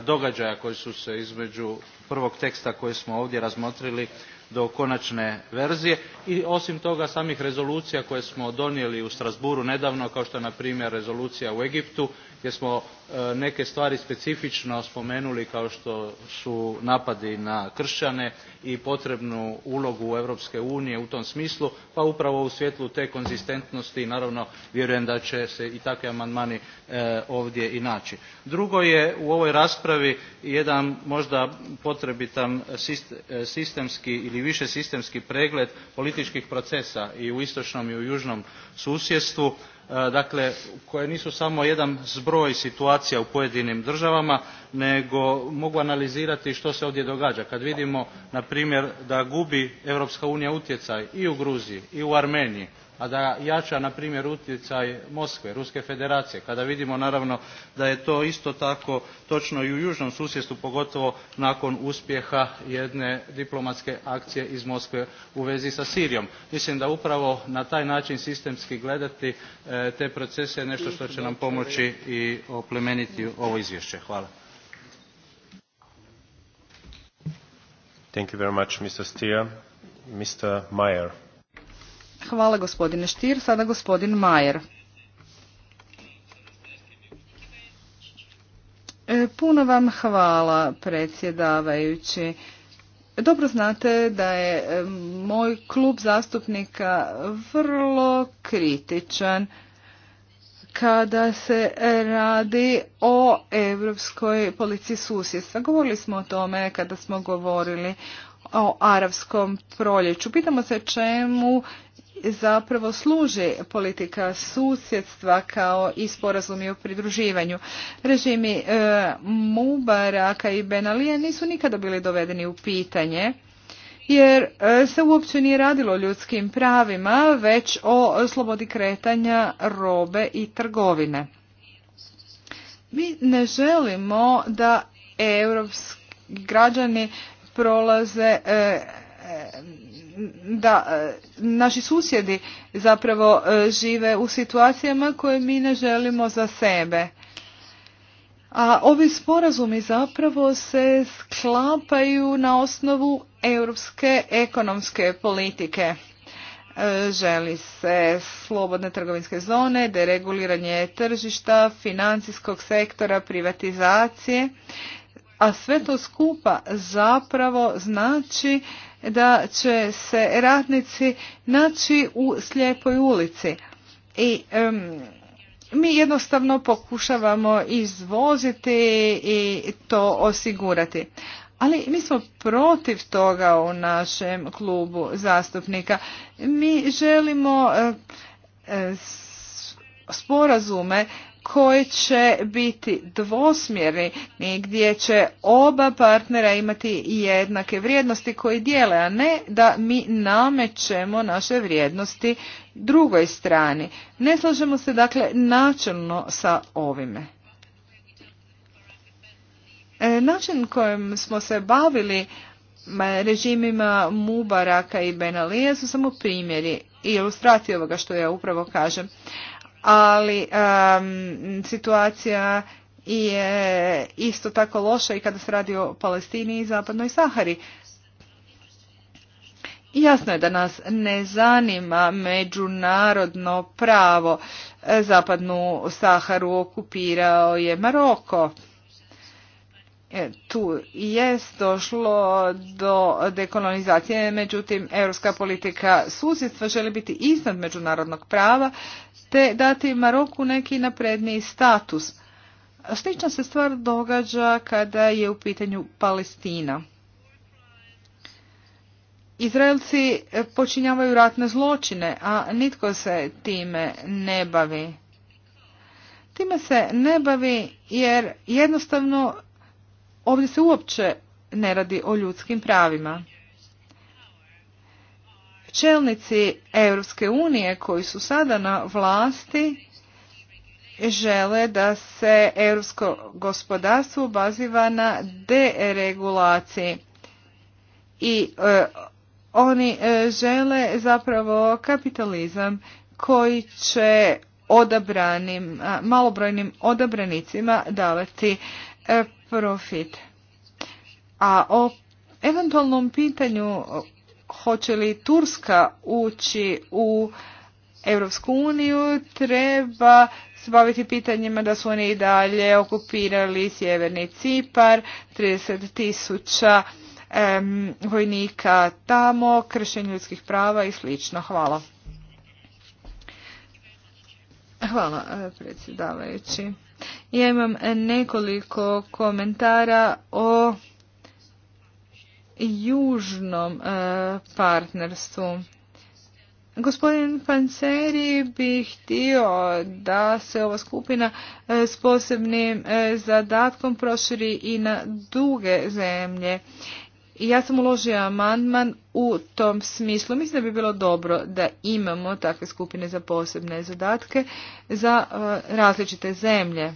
[SPEAKER 3] događaja koji su se između prvog teksta koji smo ovdje razmotrili do konačne verzije i osim toga samih rezolucija koje smo donijeli u strasbourgu nedavno kao što je na primjer rezolucija u egiptu gdje smo e, neke stvari specifično spomenuli kao što su napadi na kršćane i potrebnu ulogu europske unije u tom smislu pa upravo u svjetlu te konzistentnosti naravno vjerujem da će se i takvi amandmani e, ovdje i naći. drugo je u ovoj raspravi jedan možda potrebitan e, sistemski ili višesistemski pregled političkih procesa i u istočnom i u južnom susjedstvu E, dakle koje nisu samo jedan zbroj situacija u pojedinim državama nego mogu analizirati što se ovdje događa. Kad vidimo na primjer da gubi Europska unija utjecaj i u Gruziji i u Armeniji a da jača na primjer utjecaj moskve ruske federacije kada vidimo naravno da je to isto tako točno i u južnom susjedstvu pogotovo nakon uspjeha jedne diplomatske akcije iz moskve u vezi sa sirijom. mislim da upravo na taj način sistemski gledati e, te procese je nešto što će nam pomoći i oplemeniti ovo izvješće. hvala. Thank you very much, Mr. Mr.
[SPEAKER 2] Hvala gospodine Štir. Sada gospodin Majer. E, puno vam hvala predsjedavajući. Dobro znate da je e, moj klub zastupnika vrlo kritičan kada se radi o Europskoj policiji susjedstva. Govorili smo o tome kada smo govorili o arapskom proljeću. Pitamo se čemu zapravo služi politika susjedstva kao i sporazumi o pridruživanju. Režimi e, Mubaraka i Benalije nisu nikada bili dovedeni u pitanje jer e, se uopće nije radilo o ljudskim pravima, već o slobodi kretanja robe i trgovine. Mi ne želimo da europski građani prolaze e, e da e, naši susjedi zapravo e, žive u situacijama koje mi ne želimo za sebe. A ovi sporazumi zapravo se sklapaju na osnovu europske ekonomske politike. E, želi se slobodne trgovinske zone, dereguliranje tržišta, financijskog sektora, privatizacije, a sve to skupa zapravo znači da će se radnici naći u slijepoj ulici. I mi jednostavno pokušavamo izvoziti i to osigurati. Ali mi smo protiv toga u našem klubu zastupnika. Mi želimo eh, sporazume koji će biti dvosmjerni gdje će oba partnera imati jednake vrijednosti koji dijele, a ne da mi namećemo naše vrijednosti drugoj strani. Ne slažemo se dakle načelno sa ovime. E, način kojim smo se bavili režimima Mubaraka i Benalije su samo primjeri i ilustracije ovoga što ja upravo kažem ali situacija je isto tako loša i kada se radi o Palestini i Zapadnoj Sahari. Jasno je da nas ne zanima međunarodno pravo. Zapadnu Saharu okupirao je Maroko. E, tu je došlo do dekolonizacije, međutim, europska politika susjedstva želi biti iznad međunarodnog prava te dati Maroku neki napredniji status. Slična se stvar događa kada je u pitanju Palestina. Izraelci počinjavaju ratne zločine, a nitko se time ne bavi. Time se ne bavi jer jednostavno ovdje se uopće ne radi o ljudskim pravima. Čelnici Europske unije koji su sada na vlasti žele da se europsko gospodarstvo baziva na deregulaciji i e, oni e, žele zapravo kapitalizam koji će odabranim, malobrojnim odabranicima davati e, profit. A o eventualnom pitanju hoće li Turska ući u Europsku uniju, treba se baviti pitanjima da su oni i dalje okupirali sjeverni Cipar, 30 tisuća vojnika tamo, kršenje ljudskih prava i slično. Hvala. Hvala e, predsjedavajući. Ja imam nekoliko komentara o južnom e, partnerstvu. Gospodin Panceri bi htio da se ova skupina e, s posebnim e, zadatkom proširi i na duge zemlje. Ja sam uložila amandman u tom smislu. Mislim da bi bilo dobro da imamo takve skupine za posebne zadatke za različite zemlje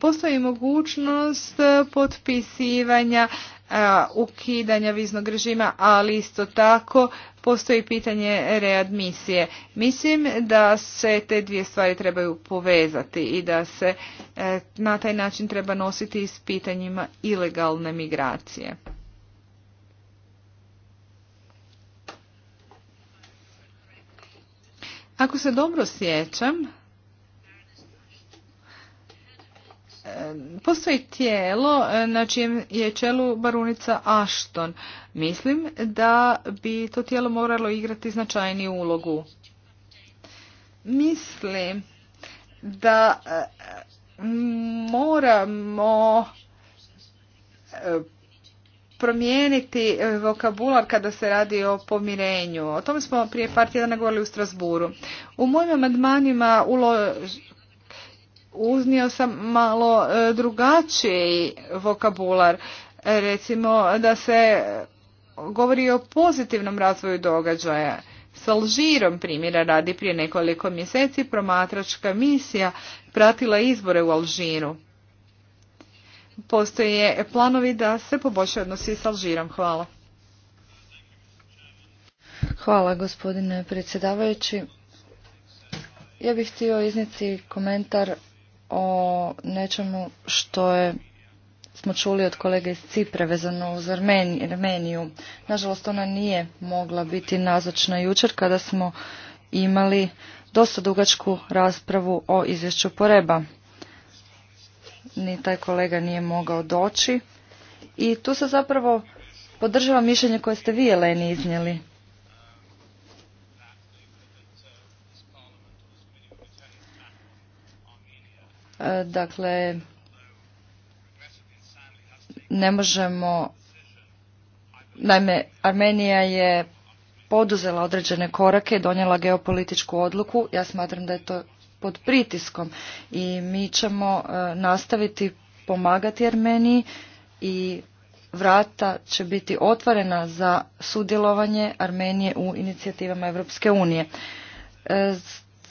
[SPEAKER 2] postoji mogućnost potpisivanja ukidanja viznog režima, ali isto tako postoji pitanje readmisije. Mislim da se te dvije stvari trebaju povezati i da se e, na taj način treba nositi s pitanjima ilegalne migracije. Ako se dobro sjećam, E, postoji tijelo e, na čijem je čelu barunica Ashton. Mislim da bi to tijelo moralo igrati značajniju ulogu. Mislim da e, moramo promijeniti vokabular kada se radi o pomirenju. O tome smo prije par tjedana govorili u Strasburu. U mojim amandmanima uznio sam malo e, drugačiji vokabular. Recimo da se govori o pozitivnom razvoju događaja. S Alžirom primjera radi prije nekoliko mjeseci promatračka misija pratila izbore u Alžiru. Postoje planovi da se poboljšaju odnosi s Alžirom. Hvala.
[SPEAKER 4] Hvala gospodine predsjedavajući. Ja bih htio iznijeti komentar o nečemu što je smo čuli od kolege iz Cipre vezano uz Armeniju. Nažalost, ona nije mogla biti nazočna jučer kada smo imali dosta dugačku raspravu o izvješću Poreba. Ni taj kolega nije mogao doći. I tu se zapravo podržava mišljenje koje ste vi, Eleni, iznijeli. E, dakle, ne možemo... Naime, Armenija je poduzela određene korake donijela geopolitičku odluku. Ja smatram da je to pod pritiskom i mi ćemo e, nastaviti pomagati Armeniji i vrata će biti otvorena za sudjelovanje Armenije u inicijativama Europske unije. E,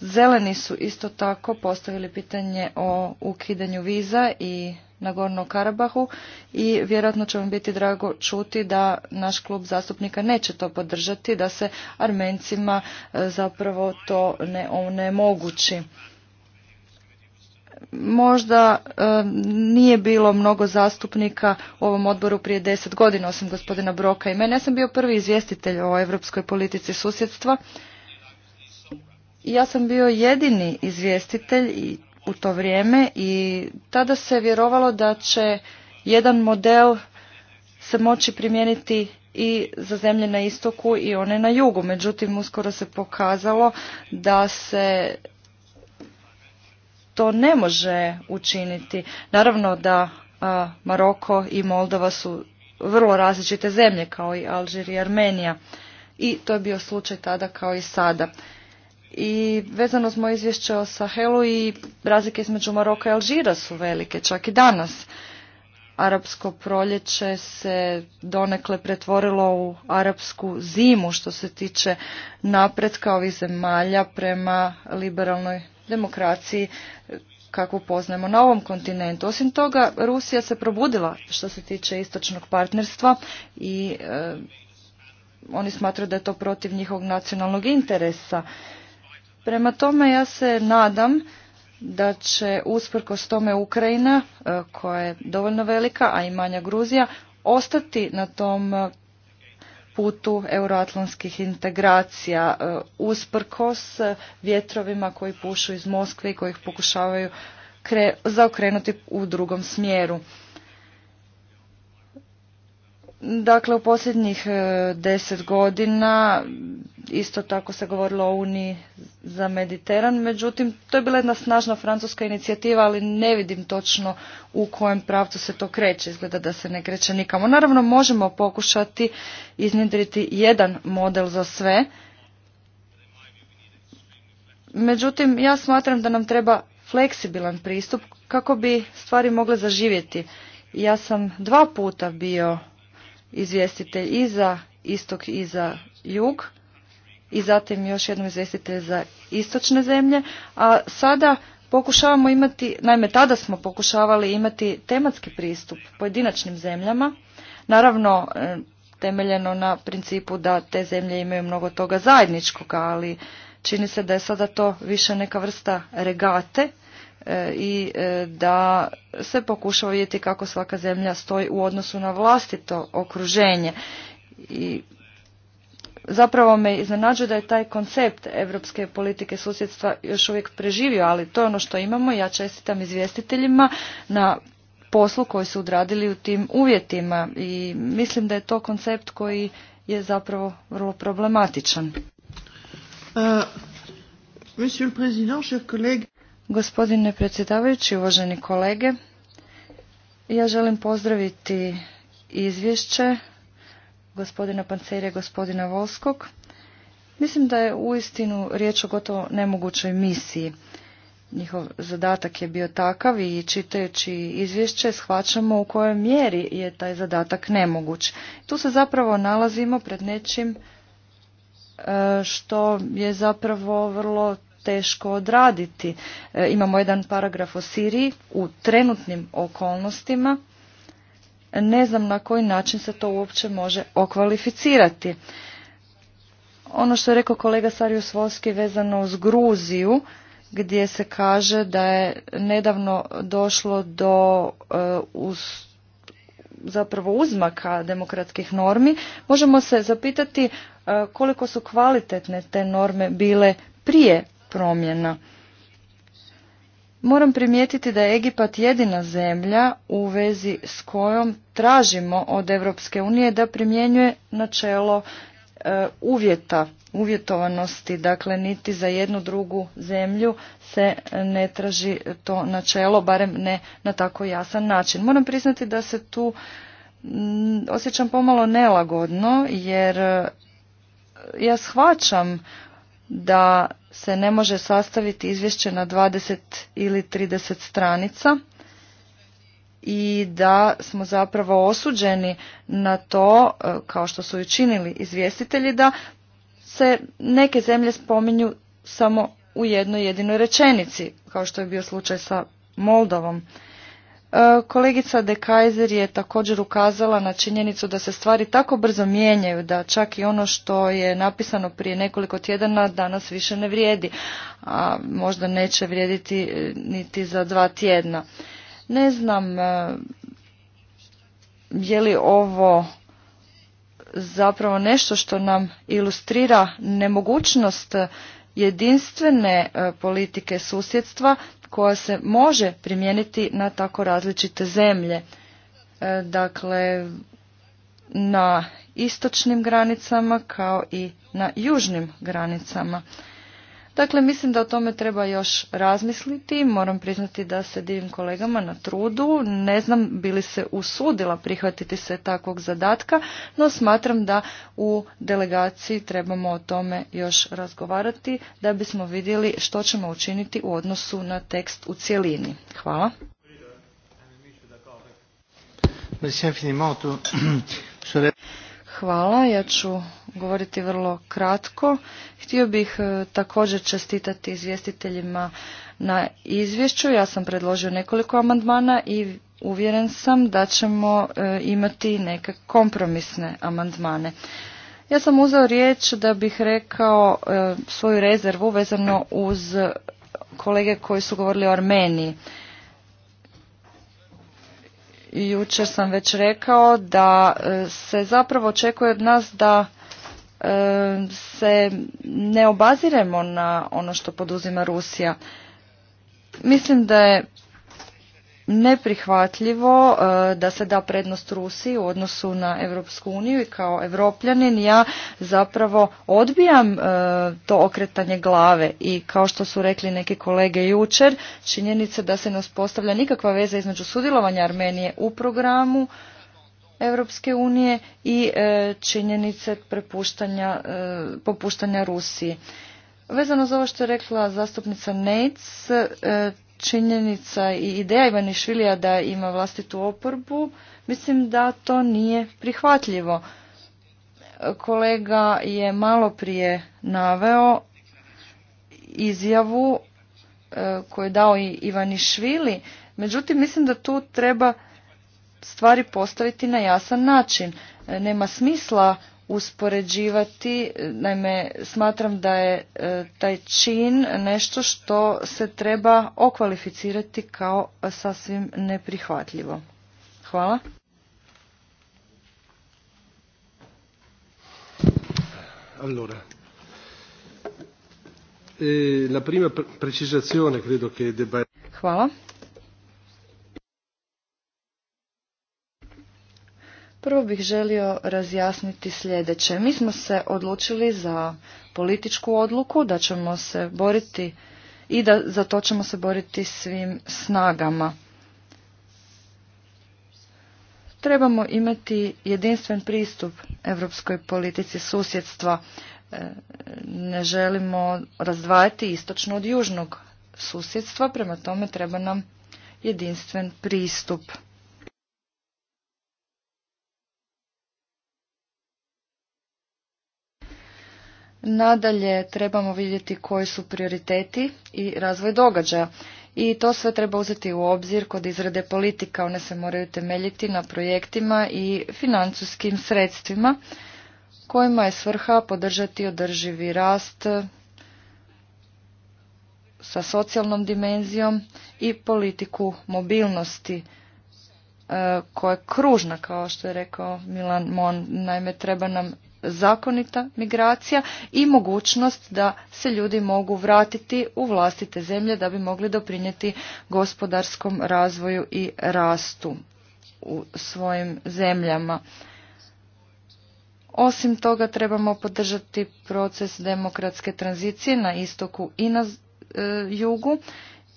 [SPEAKER 4] Zeleni su isto tako postavili pitanje o ukidanju viza i na Gornom Karabahu i vjerojatno će vam biti drago čuti da naš klub zastupnika neće to podržati, da se Armencima e, zapravo to ne onemogući. Možda e, nije bilo mnogo zastupnika u ovom odboru prije deset godina, osim gospodina Broka i mene. Ja sam bio prvi izvjestitelj o europskoj politici susjedstva ja sam bio jedini izvjestitelj i u to vrijeme i tada se vjerovalo da će jedan model se moći primijeniti i za zemlje na istoku i one na jugu. Međutim, uskoro se pokazalo da se to ne može učiniti. Naravno da Maroko i Moldova su vrlo različite zemlje kao i Alžir i Armenija. I to je bio slučaj tada kao i sada i vezano smo izvješće o Sahelu i razlike između Maroka i Alžira su velike, čak i danas. Arapsko proljeće se donekle pretvorilo u arapsku zimu što se tiče napretka ovih zemalja prema liberalnoj demokraciji kakvu poznajemo na ovom kontinentu. Osim toga, Rusija se probudila što se tiče istočnog partnerstva i e, oni smatraju da je to protiv njihovog nacionalnog interesa. Prema tome ja se nadam da će usprkos tome Ukrajina, e, koja je dovoljno velika, a i manja Gruzija, ostati na tom e, putu euroatlantskih integracija e, usprkos vjetrovima koji pušu iz Moskve i koji pokušavaju zaokrenuti u drugom smjeru. Dakle, u posljednjih e, deset godina isto tako se govorilo o Uniji za Mediteran, međutim, to je bila jedna snažna francuska inicijativa, ali ne vidim točno u kojem pravcu se to kreće, izgleda da se ne kreće nikamo. Naravno, možemo pokušati iznjedriti jedan model za sve, međutim, ja smatram da nam treba fleksibilan pristup kako bi stvari mogle zaživjeti. Ja sam dva puta bio izvjestitelj i za istok i za jug i zatim još jednom izvjestitelj za istočne zemlje, a sada pokušavamo imati, naime tada smo pokušavali imati tematski pristup pojedinačnim zemljama, naravno e, temeljeno na principu da te zemlje imaju mnogo toga zajedničkoga, ali čini se da je sada to više neka vrsta regate E, i e, da se pokušava vidjeti kako svaka zemlja stoji u odnosu na vlastito okruženje. I zapravo me iznenađuje da je taj koncept europske politike susjedstva još uvijek preživio, ali to je ono što imamo. Ja čestitam izvjestiteljima na poslu koji su odradili u tim uvjetima i mislim da je to koncept koji je zapravo vrlo problematičan. Uh, monsieur le Président, chers collègues, Gospodine predsjedavajući, uvaženi kolege, ja želim pozdraviti izvješće gospodina Pancerija, gospodina Volskog. Mislim da je uistinu riječ o gotovo nemogućoj misiji. Njihov zadatak je bio takav i čitajući izvješće shvaćamo u kojoj mjeri je taj zadatak nemoguć. Tu se zapravo nalazimo pred nečim e, što je zapravo vrlo teško odraditi. E, imamo jedan paragraf o Siriji u trenutnim okolnostima. Ne znam na koji način se to uopće može okvalificirati. Ono što je rekao kolega Sarius Volski vezano uz Gruziju, gdje se kaže da je nedavno došlo do e, uz, zapravo uzmaka demokratskih normi, možemo se zapitati e, koliko su kvalitetne te norme bile prije promjena. Moram primijetiti da je Egipat jedina zemlja u vezi s kojom tražimo od Europske unije da primjenjuje načelo e, uvjeta, uvjetovanosti, dakle niti za jednu drugu zemlju se ne traži to načelo, barem ne na tako jasan način. Moram priznati da se tu mm, osjećam pomalo nelagodno jer e, ja shvaćam da se ne može sastaviti izvješće na 20 ili 30 stranica i da smo zapravo osuđeni na to, e, kao što su i činili izvjestitelji, da se neke zemlje spominju samo u jednoj jedinoj rečenici, kao što je bio slučaj sa Moldovom. E, kolegica De Kaiser je također ukazala na činjenicu da se stvari tako brzo mijenjaju da čak i ono što je napisano prije nekoliko tjedana danas više ne vrijedi, a možda neće vrijediti e, niti za dva tjedna. Ne znam e, je li ovo zapravo nešto što nam ilustrira nemogućnost jedinstvene e, politike susjedstva koja se može primijeniti na tako različite zemlje. E, dakle, na istočnim granicama kao i na južnim granicama. Dakle, mislim da o tome treba još razmisliti. Moram priznati da se divim kolegama na trudu. Ne znam bi li se usudila prihvatiti se takvog zadatka, no smatram da u delegaciji trebamo o tome još razgovarati da bismo vidjeli što ćemo učiniti u odnosu na tekst u cjelini. Hvala. [clears throat] Hvala, ja ću govoriti vrlo kratko. Htio bih e, također čestitati izvjestiteljima na izvješću. Ja sam predložio nekoliko amandmana i uvjeren sam da ćemo e, imati neke kompromisne amandmane. Ja sam uzeo riječ da bih rekao e, svoju rezervu vezano uz kolege koji su govorili o Armeniji. Jučer sam već rekao da se zapravo očekuje od nas da se ne obaziremo na ono što poduzima Rusija. Mislim da je neprihvatljivo e, da se da prednost Rusiji u odnosu na Europsku uniju i kao evropljanin ja zapravo odbijam e, to okretanje glave i kao što su rekli neki kolege jučer, činjenica da se ne uspostavlja nikakva veza između sudjelovanja Armenije u programu Europske unije i e, činjenice prepuštanja, e, popuštanja Rusiji. Vezano za ovo što je rekla zastupnica Nec, e, činjenica i ideja Ivanišvilija da ima vlastitu oporbu, mislim da to nije prihvatljivo. Kolega je malo prije naveo izjavu koju je dao i Ivanišvili, međutim mislim da tu treba stvari postaviti na jasan način. E, nema smisla uspoređivati, e, naime smatram da je e, taj čin nešto što se treba okvalificirati kao sasvim neprihvatljivo. Hvala.
[SPEAKER 3] Allora, la prima precisazione credo che debba... Hvala.
[SPEAKER 4] Prvo bih želio razjasniti sljedeće. Mi smo se odlučili za političku odluku da ćemo se boriti i da za to ćemo se boriti svim snagama. Trebamo imati jedinstven pristup europskoj politici susjedstva. E, ne želimo razdvajati istočno od južnog susjedstva, prema tome treba nam jedinstven pristup. Nadalje trebamo vidjeti koji su prioriteti i razvoj događaja. I to sve treba uzeti u obzir kod izrade politika. One se moraju temeljiti na projektima i financijskim sredstvima kojima je svrha podržati održivi rast sa socijalnom dimenzijom i politiku mobilnosti e, koja je kružna, kao što je rekao Milan Mon. Naime, treba nam zakonita migracija i mogućnost da se ljudi mogu vratiti u vlastite zemlje da bi mogli doprinijeti gospodarskom razvoju i rastu u svojim zemljama. Osim toga trebamo podržati proces demokratske tranzicije na istoku i na e, jugu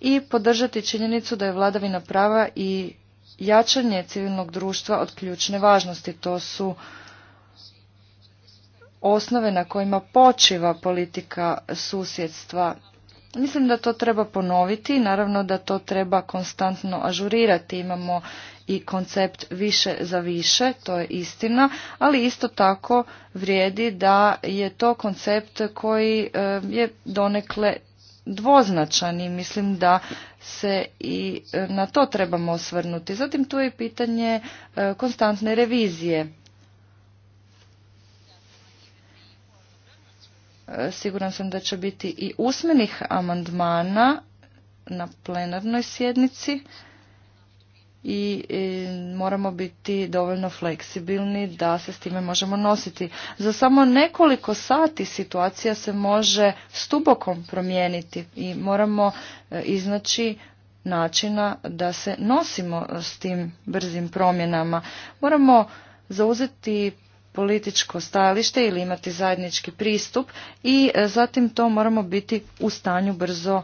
[SPEAKER 4] i podržati činjenicu da je vladavina prava i jačanje civilnog društva od ključne važnosti. To su osnove na kojima počiva politika susjedstva. Mislim da to treba ponoviti, naravno da to treba konstantno ažurirati. Imamo i koncept više za više, to je istina, ali isto tako vrijedi da je to koncept koji e, je donekle dvoznačan i mislim da se i e, na to trebamo osvrnuti. Zatim tu je i pitanje e, konstantne revizije. Siguran sam da će biti i usmenih amandmana na plenarnoj sjednici i e, moramo biti dovoljno fleksibilni da se s time možemo nositi. Za samo nekoliko sati situacija se može stubokom promijeniti i moramo e, iznaći načina da se nosimo s tim brzim promjenama. Moramo zauzeti političko stajalište ili imati zajednički pristup i e, zatim to moramo biti u stanju brzo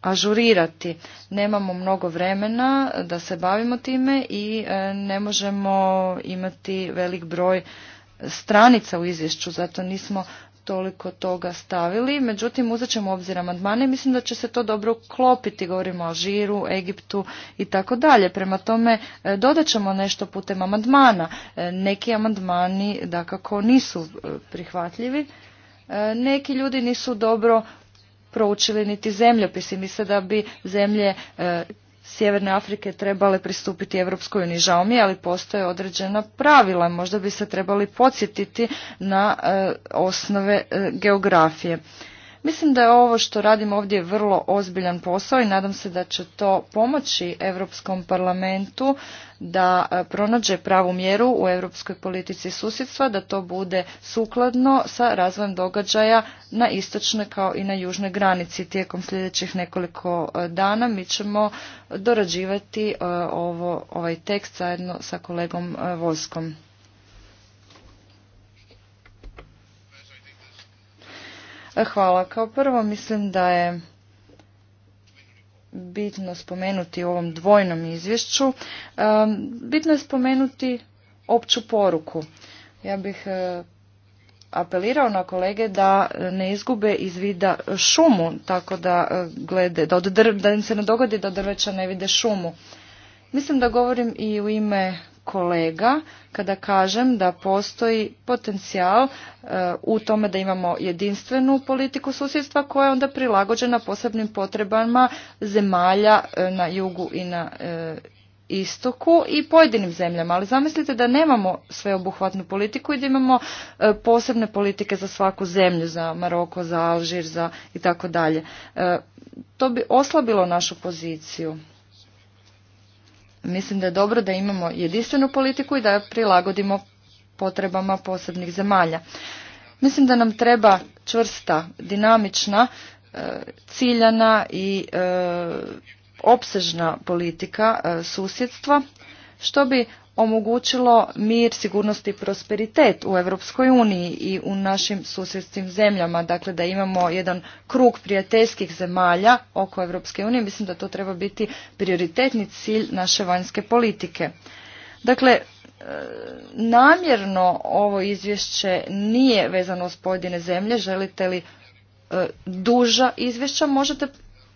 [SPEAKER 4] ažurirati. Nemamo mnogo vremena da se bavimo time i e, ne možemo imati velik broj stranica u izvješću, zato nismo toliko toga stavili, međutim uzet ćemo obzir amandmane i mislim da će se to dobro uklopiti, govorimo o Žiru, Egiptu i tako dalje. Prema tome e, dodat ćemo nešto putem amandmana. E, neki amandmani dakako nisu e, prihvatljivi, neki ljudi nisu dobro proučili niti zemljopisi. Mislim da bi zemlje Sjeverne Afrike trebale pristupiti Europskoj uniji. Žao mi ali postoje određena pravila. Možda bi se trebali podsjetiti na e, osnove e, geografije. Mislim da je ovo što radimo ovdje vrlo ozbiljan posao i nadam se da će to pomoći Europskom parlamentu da e, pronađe pravu mjeru u europskoj politici susjedstva, da to bude sukladno sa razvojem događaja na istočnoj kao i na južnoj granici. Tijekom sljedećih nekoliko e, dana mi ćemo dorađivati e, ovaj tekst zajedno sa kolegom Voskom. Hvala. Kao prvo mislim da je bitno spomenuti u ovom dvojnom izvješću. Um, bitno je spomenuti opću poruku. Ja bih uh, apelirao na kolege da ne izgube iz vida šumu, tako da uh, glede, da, da im se ne dogodi da drveća ne vide šumu. Mislim da govorim i u ime kolega kada kažem da postoji potencijal e, u tome da imamo jedinstvenu politiku susjedstva koja je onda prilagođena posebnim potrebama zemalja e, na jugu i na e, istoku i pojedinim zemljama. Ali zamislite da nemamo sveobuhvatnu politiku i da imamo posebne politike za svaku zemlju, za Maroko, za Alžir, za i tako dalje. To bi oslabilo našu poziciju. Mislim da je dobro da imamo jedinstvenu politiku i da je prilagodimo potrebama posebnih zemalja. Mislim da nam treba čvrsta, dinamična, e, ciljana i e, opsežna politika e, susjedstva, što bi omogućilo mir, sigurnost i prosperitet u Europskoj uniji i u našim susjedskim zemljama. Dakle, da imamo jedan krug prijateljskih zemalja oko Europske unije. Mislim da to treba biti prioritetni cilj naše vanjske politike. Dakle, e, namjerno ovo izvješće nije vezano uz pojedine zemlje. Želite li e, duža izvješća, možete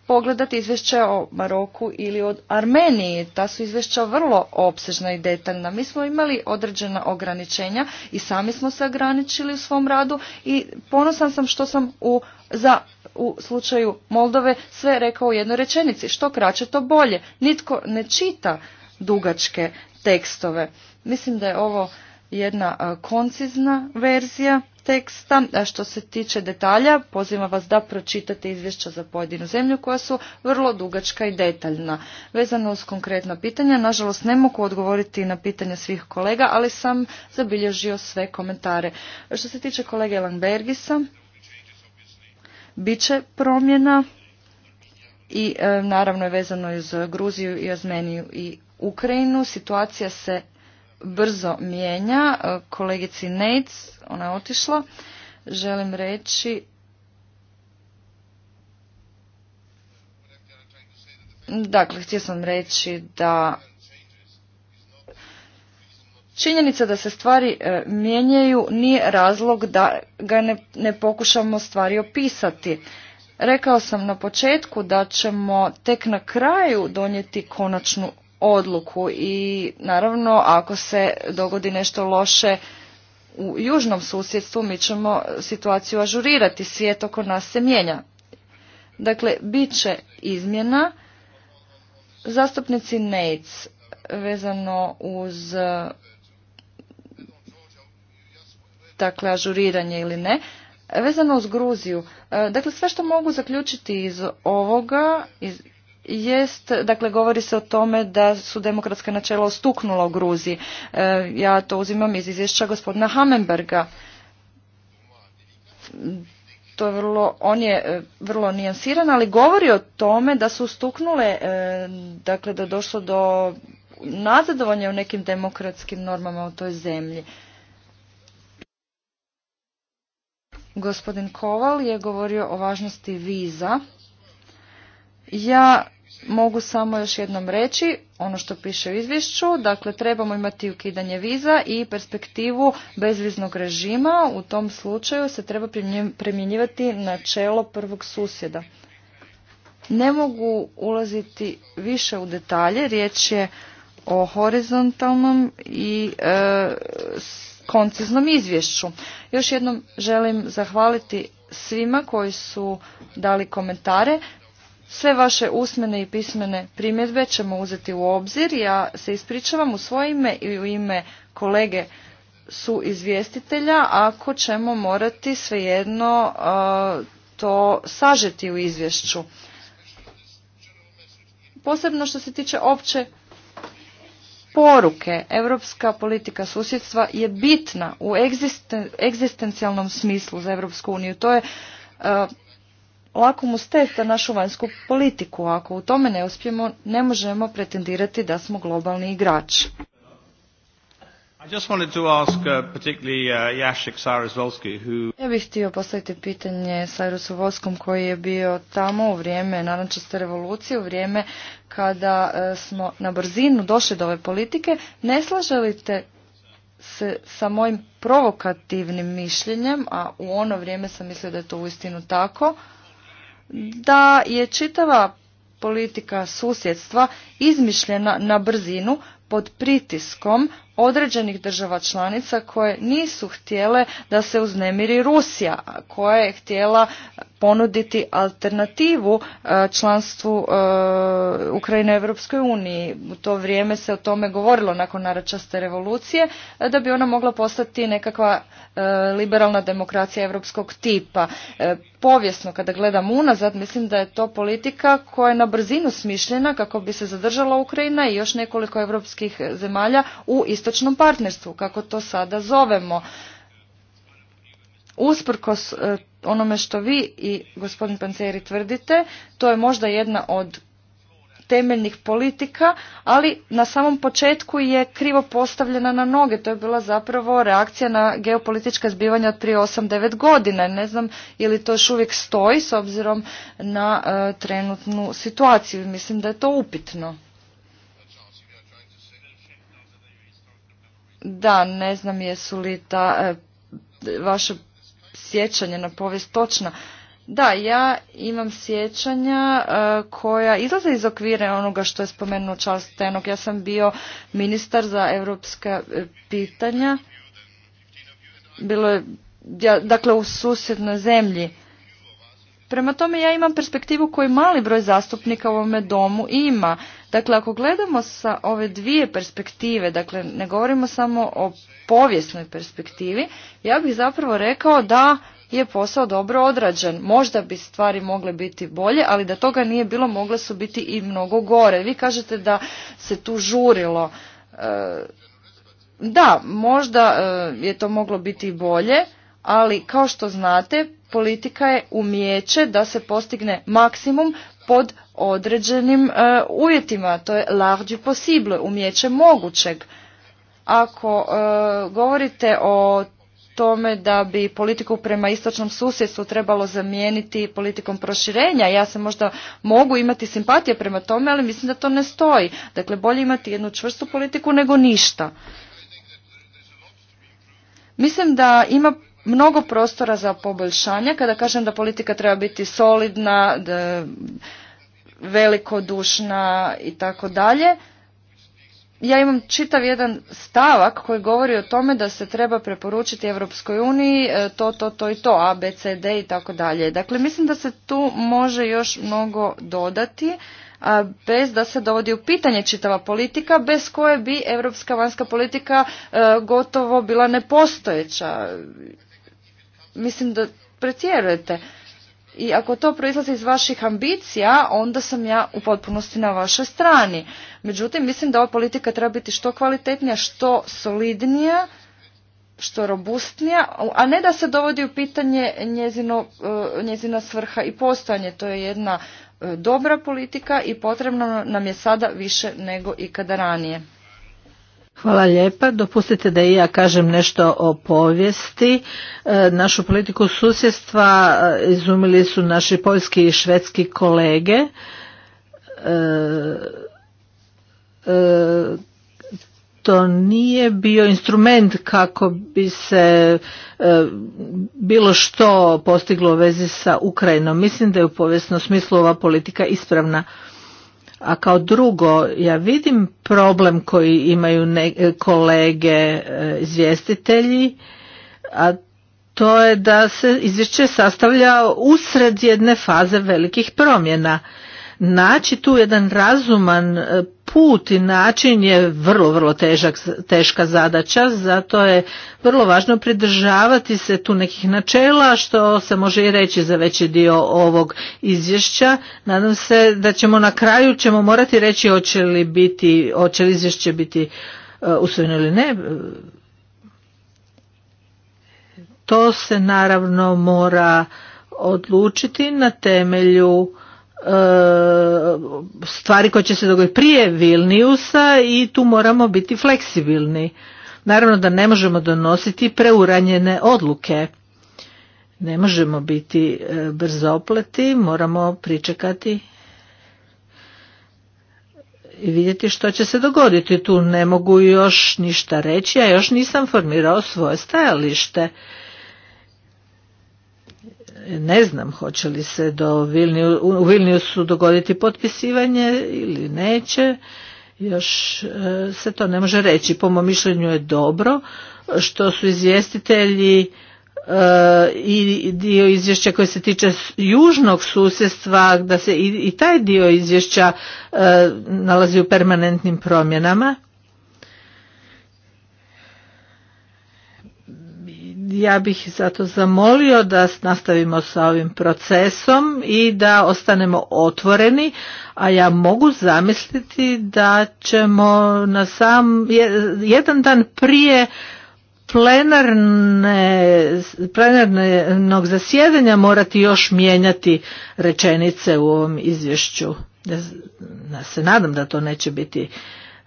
[SPEAKER 4] pogledati izvješće o Maroku ili o Armeniji. Ta su izvješća vrlo opsežna i detaljna. Mi smo imali određena ograničenja i sami smo se ograničili u svom radu i ponosan sam što sam u, za, u slučaju Moldove sve rekao u jednoj rečenici. Što kraće, to bolje. Nitko ne čita dugačke tekstove. Mislim da je ovo jedna koncizna verzija teksta. Što se tiče detalja, pozivam vas da pročitate izvješća za pojedinu zemlju koja su vrlo dugačka i detaljna. Vezano uz konkretna pitanja, nažalost ne mogu odgovoriti na pitanja svih kolega, ali sam zabilježio sve komentare. Što se tiče kolege Langbergisa, bit će promjena i e, naravno je vezano i uz Gruziju i Azmeniju i Ukrajinu. Situacija se brzo mijenja. E, kolegici Nates, ona je otišla, želim reći Dakle, htio sam reći da činjenica da se stvari e, mijenjaju nije razlog da ga ne, ne pokušamo stvari opisati. Rekao sam na početku da ćemo tek na kraju donijeti konačnu odluku i naravno ako se dogodi nešto loše u južnom susjedstvu mi ćemo situaciju ažurirati, svijet oko nas se mijenja. Dakle, bit će izmjena. Zastupnici Nates vezano uz dakle ažuriranje ili ne, vezano uz Gruziju. E, dakle, sve što mogu zaključiti iz ovoga, iz jest, dakle govori se o tome da su demokratska načela ostuknula u Gruziji. E, ja to uzimam iz izvješća gospodina Hamenberga. To je vrlo, on je e, vrlo nijansiran, ali govori o tome da su ustuknule, e, dakle da je došlo do nazadovanja u nekim demokratskim normama u toj zemlji. Gospodin Koval je govorio o važnosti viza ja mogu samo još jednom reći ono što piše u izvješću, dakle trebamo imati ukidanje viza i perspektivu bezviznog režima, u tom slučaju se treba primjenjivati načelo prvog susjeda. Ne mogu ulaziti više u detalje, riječ je o horizontalnom i e, konciznom izvješću. Još jednom želim zahvaliti svima koji su dali komentare. Sve vaše usmene i pismene primjedbe ćemo uzeti u obzir. Ja se ispričavam u svoje ime i u ime kolege su izvjestitelja ako ćemo morati svejedno e, to sažeti u izvješću. Posebno što se tiče opće poruke, europska politika susjedstva je bitna u egzistencijalnom smislu za Europsku uniju. To je e, lako mu za našu vanjsku politiku. Ako u tome ne uspijemo, ne možemo pretendirati da smo globalni igrač.
[SPEAKER 3] Uh, uh,
[SPEAKER 4] ja bih htio postaviti pitanje Sajrusu Voskom koji je bio tamo u vrijeme narančaste revolucije, u vrijeme kada uh, smo na brzinu došli do ove politike. Ne slaželite se sa mojim provokativnim mišljenjem, a u ono vrijeme sam mislio da je to uistinu tako, da je čitava politika susjedstva izmišljena na brzinu pod pritiskom određenih država članica koje nisu htjele da se uznemiri Rusija, koja je htjela ponuditi alternativu e, članstvu e, Ukrajine Europskoj uniji. U to vrijeme se o tome govorilo nakon naračaste revolucije, e, da bi ona mogla postati nekakva liberalna demokracija europskog tipa. Povijesno, kada gledam unazad, mislim da je to politika koja je na brzinu smišljena kako bi se zadržala Ukrajina i još nekoliko europskih zemalja u istočnom partnerstvu, kako to sada zovemo. Usprkos e, onome što vi i gospodin Panceri tvrdite, to je možda jedna od temeljnih politika, ali na samom početku je krivo postavljena na noge. To je bila zapravo reakcija na geopolitička zbivanja od prije 8-9 godina. Ne znam je li to još uvijek stoji s obzirom na e, trenutnu situaciju. Mislim da je to upitno. Da, ne znam jesu li ta e, vaše sjećanje na povijest točna. Da, ja imam sjećanja e, koja izlaze iz okvire onoga što je spomenuo Charles Tenok. Ja sam bio ministar za europska e, pitanja. Bilo je, dakle, u susjednoj zemlji. Prema tome ja imam perspektivu koju mali broj zastupnika u ovome domu ima. Dakle, ako gledamo sa ove dvije perspektive, dakle ne govorimo samo o povijesnoj perspektivi, ja bih zapravo rekao da je posao dobro odrađen. Možda bi stvari mogle biti bolje, ali da toga nije bilo mogle su biti i mnogo gore. Vi kažete da se tu žurilo. E, da, možda e, je to moglo biti i bolje, ali kao što znate, politika je umijeće da se postigne maksimum pod određenim e, uvjetima. To je larđi possible, umijeće mogućeg. Ako e, govorite o tome da bi politiku prema istočnom susjedstvu trebalo zamijeniti politikom proširenja. Ja se možda mogu imati simpatije prema tome, ali mislim da to ne stoji. Dakle, bolje imati jednu čvrstu politiku nego ništa. Mislim da ima mnogo prostora za poboljšanje. Kada kažem da politika treba biti solidna, da velikodušna i tako dalje, ja imam čitav jedan stavak koji govori o tome da se treba preporučiti Europskoj uniji e, to, to, to i to, A, B, i tako dalje. Dakle, mislim da se tu može još mnogo dodati bez da se dovodi u pitanje čitava politika bez koje bi europska vanjska politika e, gotovo bila nepostojeća mislim da pretjerujete. I ako to proizlazi iz vaših ambicija, onda sam ja u potpunosti na vašoj strani. Međutim, mislim da ova politika treba biti što kvalitetnija, što solidnija, što robustnija, a ne da se dovodi u pitanje njezino, eh, njezina svrha i postojanje. To je jedna eh, dobra politika i potrebno nam je sada više nego ikada ranije.
[SPEAKER 1] Hvala lijepa. Dopustite da i ja kažem nešto o povijesti. E, našu politiku susjedstva e, izumili su naši poljski i švedski kolege. E, to nije bio instrument kako bi se bilo što postiglo u vezi sa Ukrajinom. Mislim da je u povijesnom smislu ova politika ispravna. A kao drugo, ja vidim problem koji imaju ne, e, kolege e, izvjestitelji, a to je da se izvješće sastavlja usred jedne faze velikih promjena. Naći tu jedan razuman e, put i način je vrlo, vrlo težak, teška zadaća, zato je vrlo važno pridržavati se tu nekih načela, što se može i reći za veći dio ovog izvješća. Nadam se da ćemo na kraju ćemo morati reći hoće li, biti, hoće li izvješće biti e, usvojeno ili ne. To se naravno mora odlučiti na temelju E, stvari koje će se dogoditi prije Vilniusa i tu moramo biti fleksibilni. Naravno da ne možemo donositi preuranjene odluke. Ne možemo biti e, brzopleti, moramo pričekati i vidjeti što će se dogoditi. Tu ne mogu još ništa reći, ja još nisam formirao svoje stajalište ne znam hoće li se do Vilniju, u Vilniusu dogoditi potpisivanje ili neće. Još e, se to ne može reći. Po mom mišljenju je dobro što su izvjestitelji e, i dio izvješća koji se tiče južnog susjedstva, da se i taj dio izvješća e, nalazi u permanentnim promjenama. ja bih zato zamolio da nastavimo sa ovim procesom i da ostanemo otvoreni, a ja mogu zamisliti da ćemo na sam jedan dan prije plenarne, plenarnog zasjedanja morati još mijenjati rečenice u ovom izvješću. Ja se nadam da to neće biti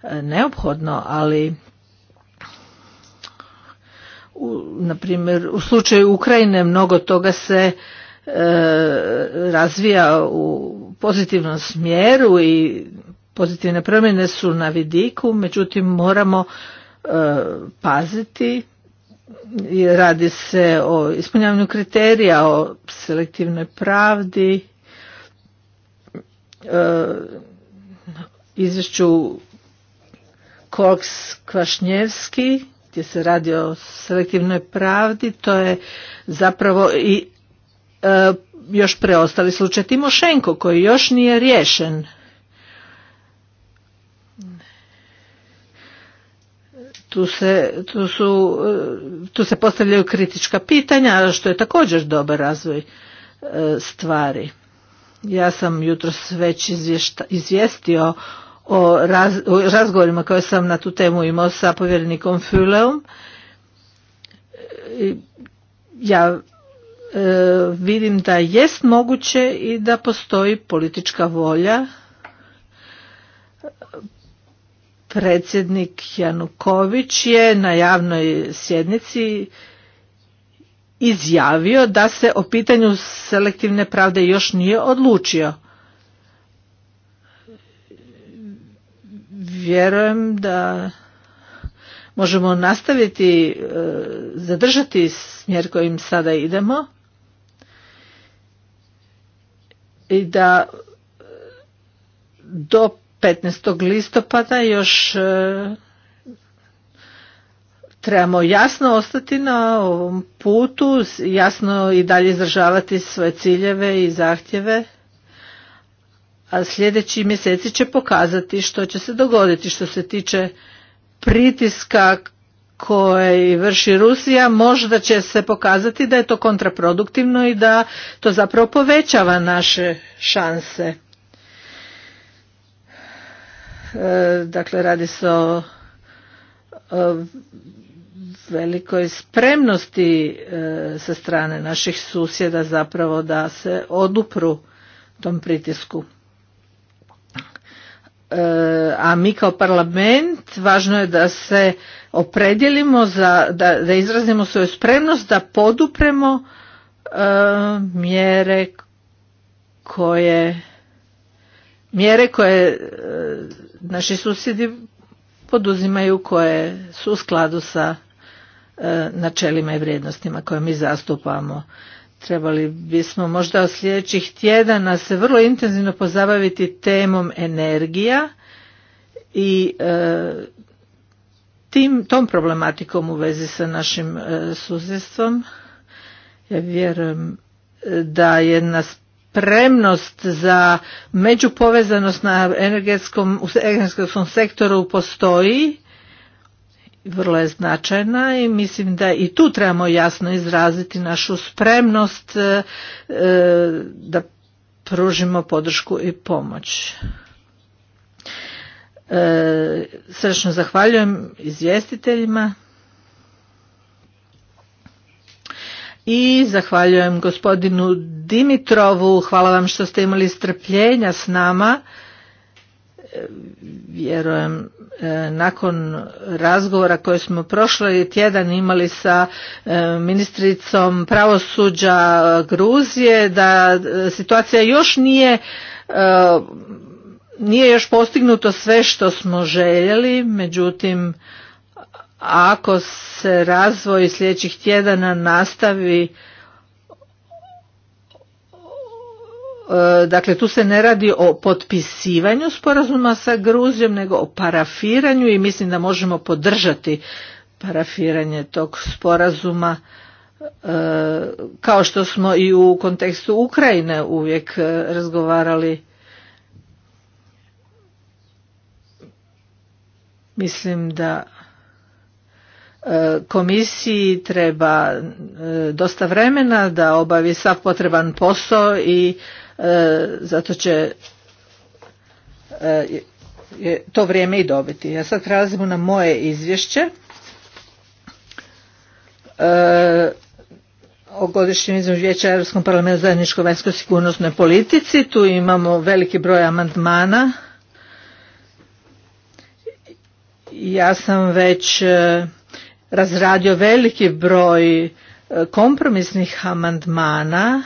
[SPEAKER 1] e, neophodno, ali u, na primjer u slučaju Ukrajine mnogo toga se e, razvija u pozitivnom smjeru i pozitivne promjene su na vidiku, međutim moramo e, paziti paziti radi se o ispunjavanju kriterija, o selektivnoj pravdi, e, izvješću Koks Kvašnjevski gdje se radi o selektivnoj pravdi, to je zapravo i e, još preostali slučaj Timošenko koji još nije riješen. Tu se, tu, su, e, tu se postavljaju kritička pitanja, što je također dobar razvoj e, stvari. Ja sam jutros već izvješta, izvijestio o, razgovorima koje sam na tu temu imao sa povjerenikom Fuleom. Ja e, vidim da jest moguće i da postoji politička volja. Predsjednik Januković je na javnoj sjednici izjavio da se o pitanju selektivne pravde još nije odlučio. vjerujem da možemo nastaviti e, zadržati smjer kojim sada idemo i da do 15. listopada još e, trebamo jasno ostati na ovom putu, jasno i dalje izražavati svoje ciljeve i zahtjeve a sljedeći mjeseci će pokazati što će se dogoditi što se tiče pritiska koji vrši Rusija možda će se pokazati da je to kontraproduktivno i da to zapravo povećava naše šanse. E, dakle, radi se o, velikoj spremnosti e, sa strane naših susjeda zapravo da se odupru tom pritisku. E, a mi kao parlament važno je da se opredjelimo za, da, da izrazimo svoju spremnost da podupremo e, mjere koje mjere koje e, naši susjedi poduzimaju koje su u skladu sa načelima i vrijednostima koje mi zastupamo Trebali bismo možda od sljedećih tjedana se vrlo intenzivno pozabaviti temom energija i e, tim, tom problematikom u vezi sa našim e, Ja vjerujem e, da je na spremnost za međupovezanost na energetskom, energetskom sektoru postoji vrlo je značajna i mislim da i tu trebamo jasno izraziti našu spremnost e, e, da pružimo podršku i pomoć. E, Srčno zahvaljujem izvjestiteljima i zahvaljujem gospodinu Dimitrovu. Hvala vam što ste imali strpljenja s nama vjerujem e, nakon razgovora koje smo prošli tjedan imali sa e, ministricom pravosuđa e, Gruzije da situacija još nije nije još postignuto sve što smo željeli međutim ako se razvoj sljedećih tjedana nastavi E, dakle, tu se ne radi o potpisivanju sporazuma sa Gruzijom, nego o parafiranju i mislim da možemo podržati parafiranje tog sporazuma e, kao što smo i u kontekstu Ukrajine uvijek e, razgovarali. Mislim da komisiji treba dosta vremena da obavi sav potreban posao i E, zato će e, to vrijeme i dobiti. Ja sad prelazimo na moje izvješće e, o godišnjem izvješću vijeća Europskom parlamentu zajedničkoj vanjskoj sigurnosnoj politici. Tu imamo veliki broj amandmana. Ja sam već e, razradio veliki broj kompromisnih amandmana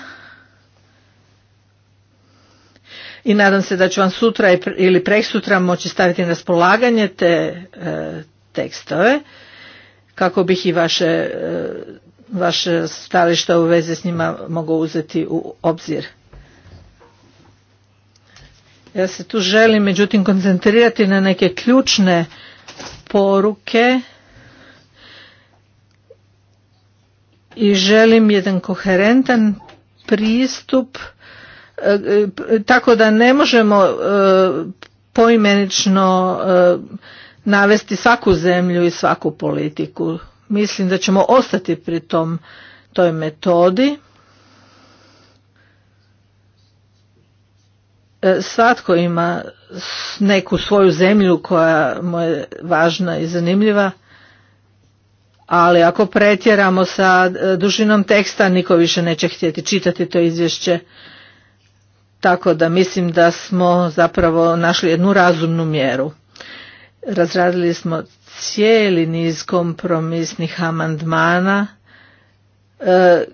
[SPEAKER 1] i nadam se da ću vam sutra ili preksutra moći staviti na raspolaganje te e, tekstove kako bih i vaše, e, vaše stališta u vezi s njima mogao uzeti u obzir. Ja se tu želim međutim koncentrirati na neke ključne poruke i želim jedan koherentan pristup tako da ne možemo e, poimenično e, navesti svaku zemlju i svaku politiku. Mislim da ćemo ostati pri tom toj metodi. E, svatko ima neku svoju zemlju koja mu je važna i zanimljiva, ali ako pretjeramo sa dužinom teksta, niko više neće htjeti čitati to izvješće. Tako da mislim da smo zapravo našli jednu razumnu mjeru. Razradili smo cijeli niz kompromisnih amandmana e,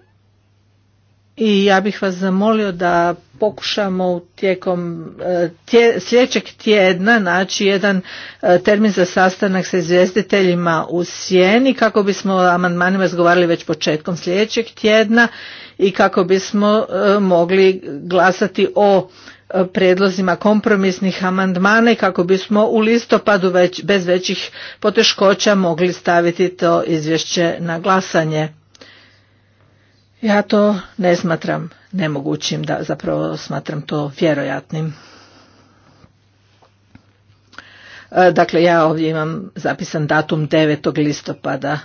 [SPEAKER 1] i ja bih vas zamolio da pokušamo tijekom e, tje, sljedećeg tjedna naći jedan e, termin za sastanak sa izvjestiteljima u sjeni kako bismo o amandmanima razgovarali već početkom sljedećeg tjedna i kako bismo e, mogli glasati o e, predlozima kompromisnih amandmana i kako bismo u listopadu već, bez većih poteškoća mogli staviti to izvješće na glasanje. Ja to ne smatram nemogućim, da zapravo smatram to vjerojatnim. E, dakle, ja ovdje imam zapisan datum 9. listopada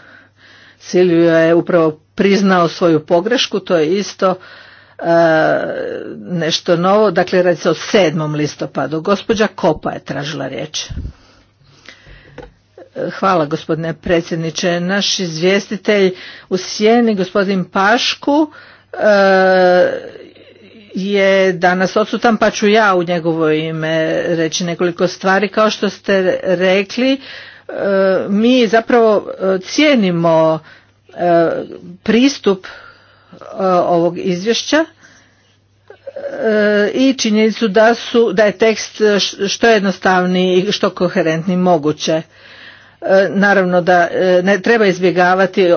[SPEAKER 1] Silvio je upravo priznao svoju pogrešku, to je isto e, nešto novo, dakle radi se o 7. listopadu. Gospođa Kopa je tražila riječ. E, hvala gospodine predsjedniče. Naš izvjestitelj u Sjeni, gospodin Pašku, e, je danas odsutan pa ću ja u njegovo ime reći nekoliko stvari. Kao što ste rekli, E, mi zapravo e, cijenimo e, pristup ovog izvješća i činjenicu da, su, da je tekst što jednostavniji i što koherentniji moguće. Naravno da ne treba izbjegavati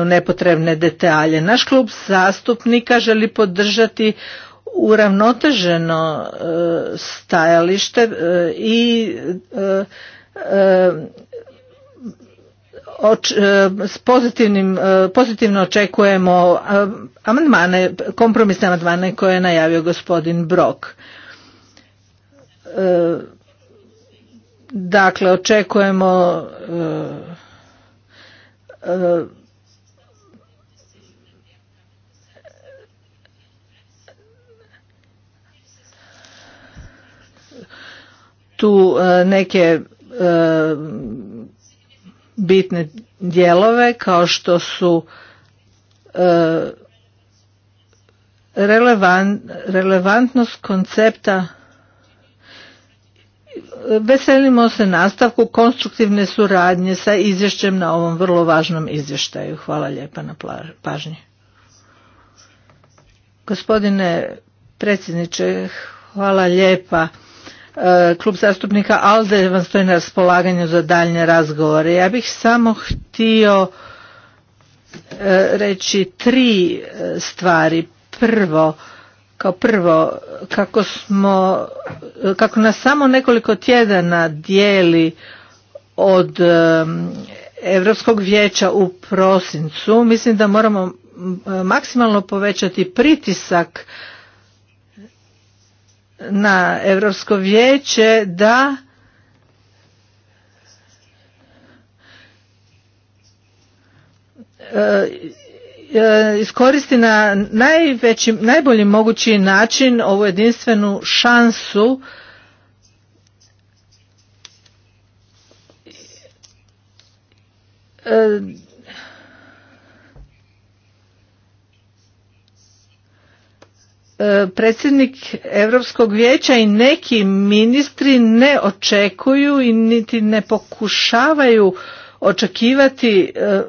[SPEAKER 1] u nepotrebne detalje. Naš klub zastupnika želi podržati uravnoteženo stajalište i E, s pozitivnim, e, pozitivno očekujemo e, amandmane, kompromisne amandmane koje je najavio gospodin Brok. Dakle, očekujemo tu neke E, bitne dijelove kao što su e, relevantnost koncepta veselimo se nastavku konstruktivne suradnje sa izvješćem na ovom vrlo važnom izvještaju. Hvala lijepa na pažnji. Gospodine predsjedniče, hvala lijepa E, Klub zastupnika Alde vam stoji na raspolaganju za daljnje razgovore. Ja bih samo htio e, reći tri e, stvari. Prvo, kao prvo, kako smo, kako nas samo nekoliko tjedana dijeli od Europskog vijeća u prosincu, mislim da moramo maksimalno povećati pritisak na Europsko vijeće da e, e, iskoristi na najveći, najbolji mogući način ovu jedinstvenu šansu e, E, predsjednik Europskog vijeća i neki ministri ne očekuju i niti ne pokušavaju očekivati e,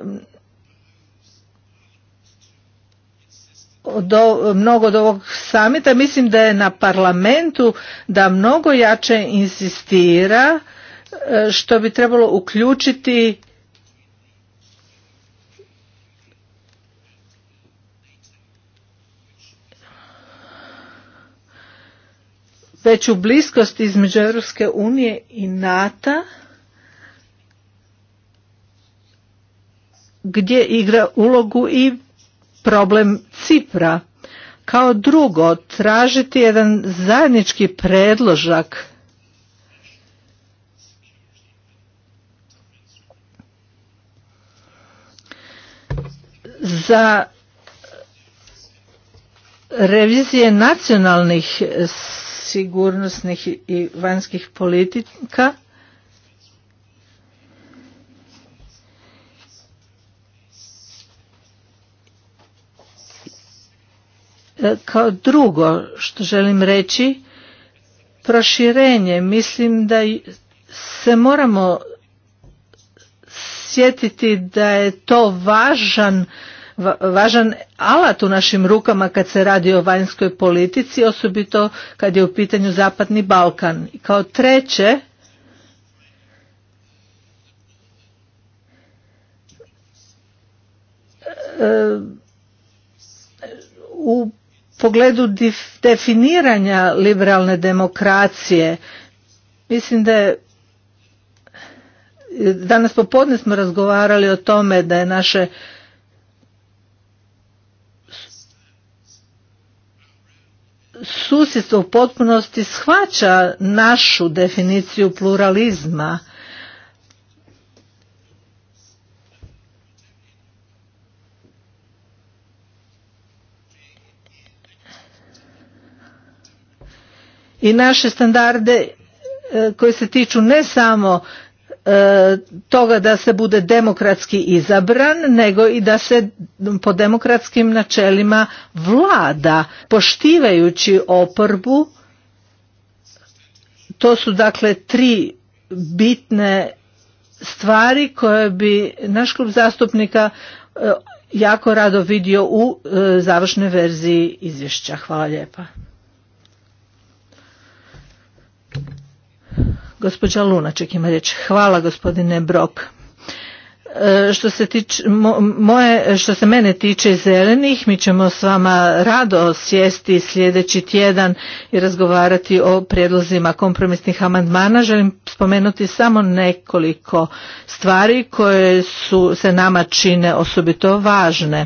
[SPEAKER 1] mnogo od ovog samita. Mislim da je na parlamentu da mnogo jače insistira e, što bi trebalo uključiti veću bliskost između Europske unije i NATO gdje igra ulogu i problem Cipra. Kao drugo, tražiti jedan zajednički predložak za revizije nacionalnih sigurnosnih i vanjskih politika e, Kao drugo što želim reći, proširenje. Mislim da se moramo sjetiti da je to važan važan alat u našim rukama kad se radi o vanjskoj politici, osobito kad je u pitanju Zapadni Balkan. Kao treće, u pogledu definiranja liberalne demokracije mislim da je danas popodne smo razgovarali o tome da je naše susjedstvo u potpunosti shvaća našu definiciju pluralizma i naše standarde e, koji se tiču ne samo E, toga da se bude demokratski izabran nego i da se po demokratskim načelima vlada poštivajući oporbu to su dakle tri bitne stvari koje bi naš klub zastupnika e, jako rado vidio u e, završnoj verziji izvješća hvala lijepa Gospođa Lunaček ima riječ. Hvala gospodine Brok. E, što se, moje, što se mene tiče zelenih, mi ćemo s vama rado sjesti sljedeći tjedan i razgovarati o prijedlozima kompromisnih amandmana. Želim spomenuti samo nekoliko stvari koje su se nama čine osobito važne.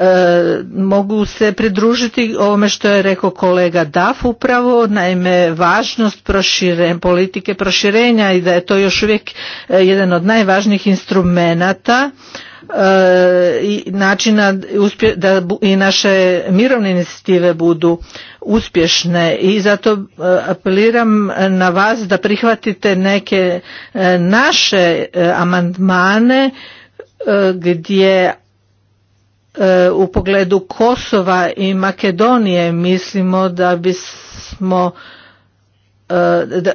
[SPEAKER 1] E, mogu se pridružiti ovome što je rekao kolega Daf upravo, naime važnost proširen, politike proširenja i da je to još uvijek e, jedan od najvažnijih instrumenata e, i načina da i naše mirovne inicijative budu uspješne i zato apeliram na vas da prihvatite neke naše amandmane gdje E, u pogledu Kosova i Makedonije mislimo da bismo e, da,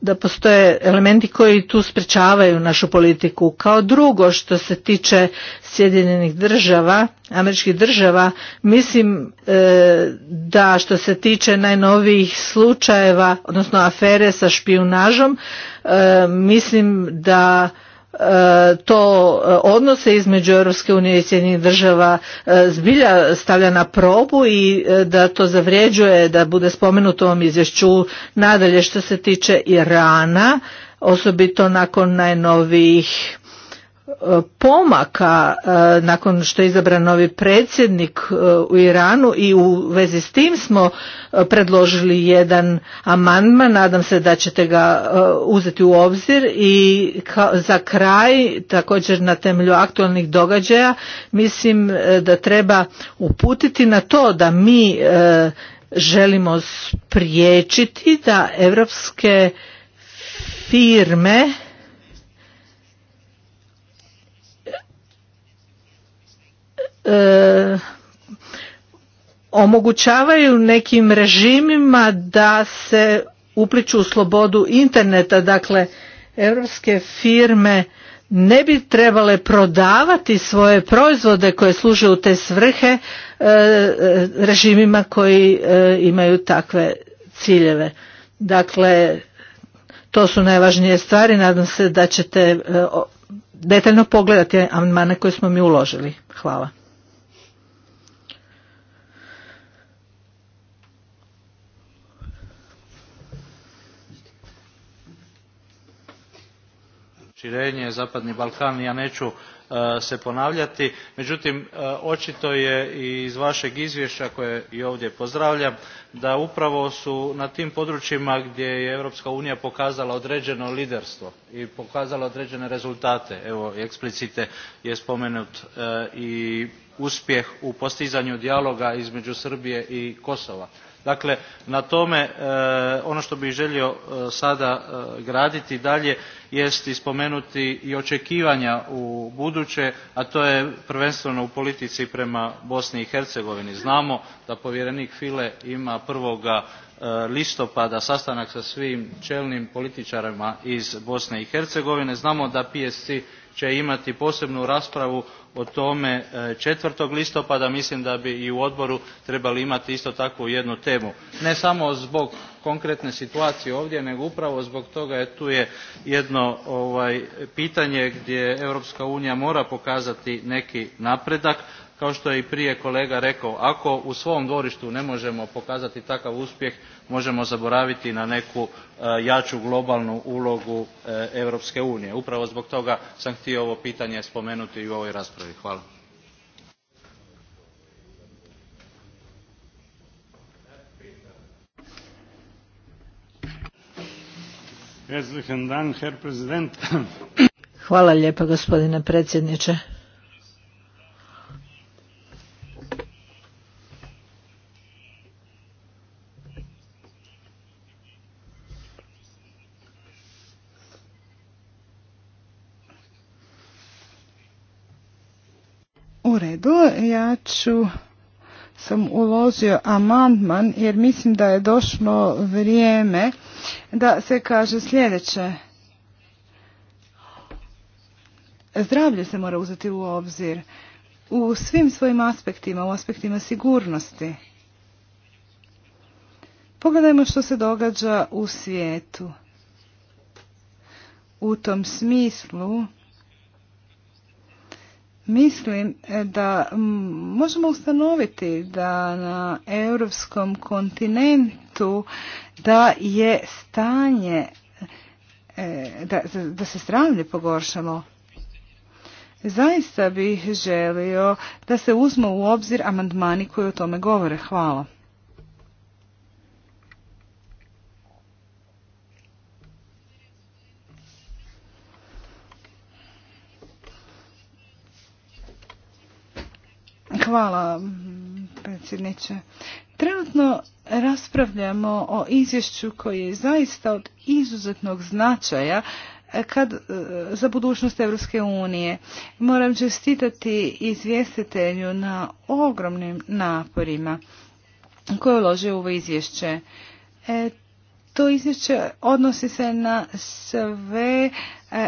[SPEAKER 1] da postoje elementi koji tu sprečavaju našu politiku. Kao drugo što se tiče Sjedinjenih država, američkih država, mislim e, da što se tiče najnovijih slučajeva, odnosno afere sa špijunažom, mislim da E, to e, odnose između Europske unije i Sjedinjenih država e, zbilja stavlja na probu i da to zavređuje da bude spomenuto u ovom izvješću nadalje što se tiče Irana, osobito nakon najnovijih E, pomaka e, nakon što je izabran novi predsjednik e, u Iranu i u vezi s tim smo predložili jedan amandman, nadam se da ćete ga uzeti u obzir i za kraj također na temelju aktualnih događaja mislim da treba uputiti na to da mi želimo spriječiti da evropske firme E, omogućavaju nekim režimima da se upliču u slobodu interneta dakle europske firme ne bi trebale prodavati svoje proizvode koje služe u te svrhe e, režimima koji e, imaju takve ciljeve dakle to su najvažnije stvari nadam se da ćete detaljno pogledati amandmane koje smo mi uložili hvala
[SPEAKER 3] proširenje zapadni balkan ja neću e, se ponavljati međutim e, očito je i iz vašeg izvješća koje i ovdje pozdravljam da upravo su na tim područjima gdje je europska unija pokazala određeno liderstvo i pokazala određene rezultate evo eksplicite je spomenut e, i uspjeh u postizanju dijaloga između srbije i kosova dakle na tome ono što bih želio sada graditi dalje jest i spomenuti i očekivanja u buduće a to je prvenstveno u politici prema bosni i hercegovini. znamo da povjerenik File ima prvoga E, listopada sastanak sa svim čelnim političarima iz Bosne i Hercegovine. Znamo da PSC će imati posebnu raspravu o tome 4. E, listopada. Mislim da bi i u odboru trebali imati isto takvu jednu temu. Ne samo zbog konkretne situacije ovdje nego upravo zbog toga je tu je jedno ovaj, pitanje gdje Europska unija mora pokazati neki napredak kao što je i prije kolega rekao ako u svom dvorištu ne možemo pokazati takav uspjeh možemo zaboraviti na neku e, jaču globalnu ulogu e, europske unije. upravo zbog toga sam htio ovo pitanje spomenuti i u ovoj raspravi. hvala.
[SPEAKER 1] Hvala lijepa gospodine predsjedniče.
[SPEAKER 2] Ja ću sam uložio amandman jer mislim da je došlo vrijeme da se kaže sljedeće. Zdravlje se mora uzeti u obzir u svim svojim aspektima, u aspektima sigurnosti. Pogledajmo što se događa u svijetu. U tom smislu Mislim e, da možemo ustanoviti da na europskom kontinentu da je stanje, e, da, se zdravlje pogoršamo. Zaista bih želio da se uzmu u obzir amandmani koji o tome govore. Hvala. Hvala, predsjedniče. Trenutno raspravljamo o izvješću koje je zaista od izuzetnog značaja e, kad, e, za budućnost Europske unije. Moram čestitati izvjestitelju na ogromnim naporima koje ulože u ovo izvješće. E, to izvješće odnosi se na sve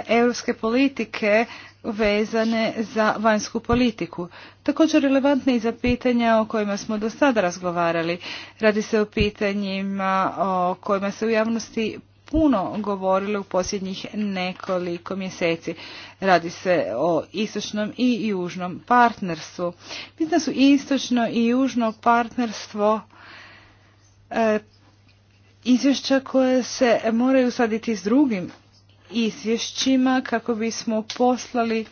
[SPEAKER 2] europske politike vezane za vanjsku politiku. Također relevantne i za pitanja o kojima smo do sada razgovarali. Radi se o pitanjima o kojima se u javnosti puno govorilo u posljednjih nekoliko mjeseci. Radi se o istočnom i južnom partnerstvu. Bitno su istočno i južno partnerstvo e, izvješća koje se moraju usaditi s drugim izvješćima kako bismo poslali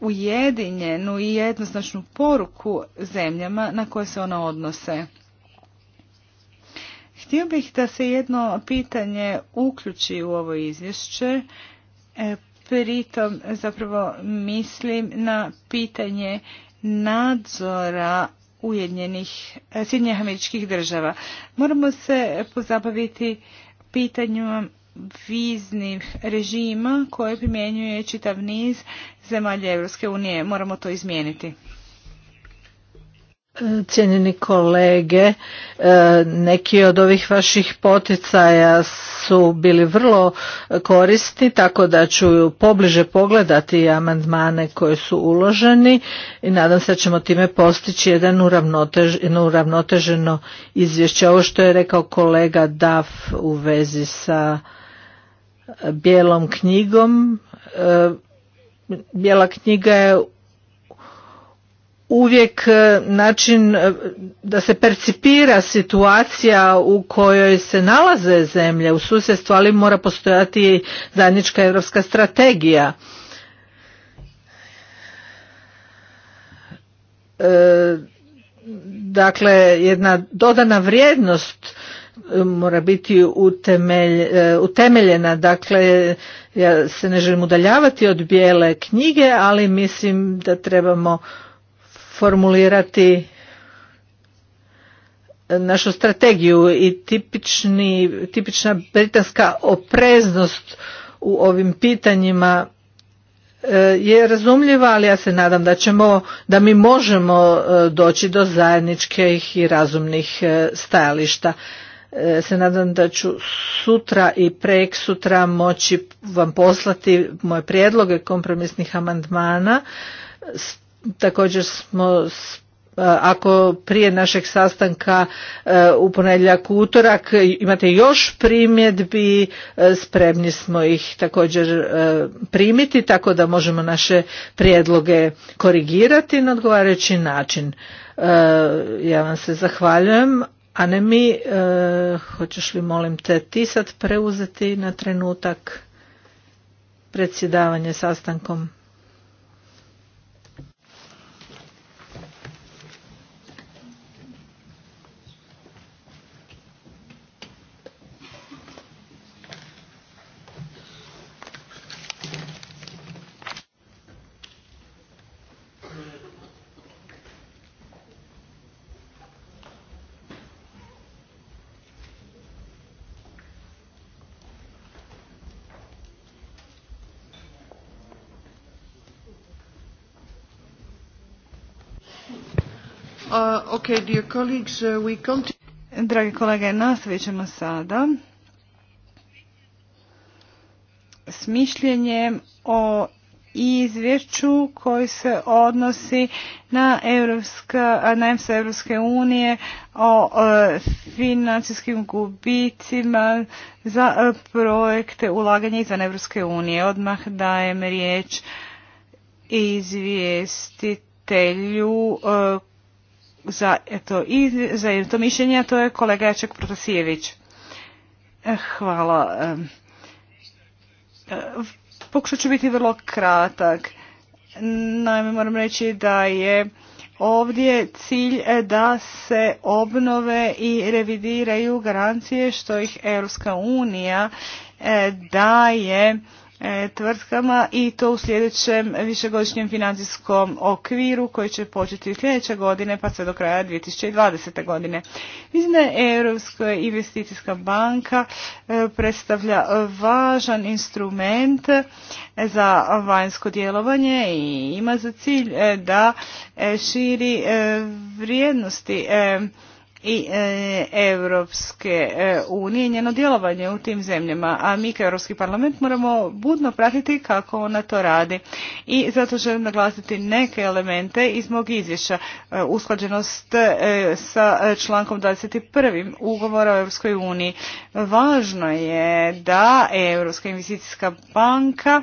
[SPEAKER 2] ujedinjenu i jednoznačnu poruku zemljama na koje se ona odnose. Htio bih da se jedno pitanje uključi u ovo izvješće. E, pritom zapravo mislim na pitanje nadzora Ujedinjenih e, Sjedinjenih američkih država. Moramo se pozabaviti pitanjima viznih režima koje primjenjuje čitav niz zemalja Europske unije. Moramo to izmijeniti.
[SPEAKER 1] E, cijenjeni kolege, e, neki od ovih vaših poticaja su bili vrlo korisni, tako da ću pobliže pogledati amandmane koji su uloženi i nadam se da ćemo time postići jedan uravnoteženo izvješće. Ovo što je rekao kolega Daf u vezi sa bijelom knjigom. E, bijela knjiga je uvijek e, način e, da se percipira situacija u kojoj se nalaze zemlje u susjedstvu, ali mora postojati i zajednička europska strategija. dakle, jedna dodana vrijednost mora biti e, utemeljena. Dakle, ja se ne želim udaljavati od bijele knjige, ali mislim da trebamo formulirati našu strategiju i tipični, tipična britanska opreznost u ovim pitanjima e, je razumljiva, ali ja se nadam da ćemo, da mi možemo e, doći do zajedničkih i razumnih stajališta. E, se nadam da ću sutra i prek sutra moći vam poslati moje prijedloge kompromisnih amandmana. Također smo e, ako prije našeg sastanka e, u ponedjeljak utorak imate još primjedbi spremni smo ih također primiti tako da možemo naše prijedloge korigirati na odgovarajući način ja vam se zahvaljujem a ne mi, e, hoćeš li molim te ti sad preuzeti na trenutak predsjedavanje sastankom?
[SPEAKER 2] Uh, uh, Drage kolege, nastavit ćemo sada s mišljenjem o izvješću koji se odnosi na Europska, na Europske unije o e, financijskim gubicima za e, projekte ulaganja izvan Europske unije. Odmah dajem riječ izvjestitelju e, za, eto, za to mišljenje, a to je kolega Jaček Protasijević. E, hvala. E, pokušat ću biti vrlo kratak. Naime, moram reći da je ovdje cilj e, da se obnove i revidiraju garancije što ih Europska unija daje E, tvrtkama i to u sljedećem višegodišnjem financijskom okviru koji će početi sljedeće godine pa sve do kraja 2020. godine. Mislim da Europska investicijska banka e, predstavlja važan instrument e, za vanjsko djelovanje i ima za cilj da širi vrijednosti i Europske e, unije i njeno djelovanje u tim zemljama, a mi kao Europski parlament moramo budno pratiti kako ona to radi. I zato želim naglasiti neke elemente iz mog izvješća. E, usklađenost e, sa člankom 21. ugovora o Europskoj uniji. Važno je da Europska investicijska banka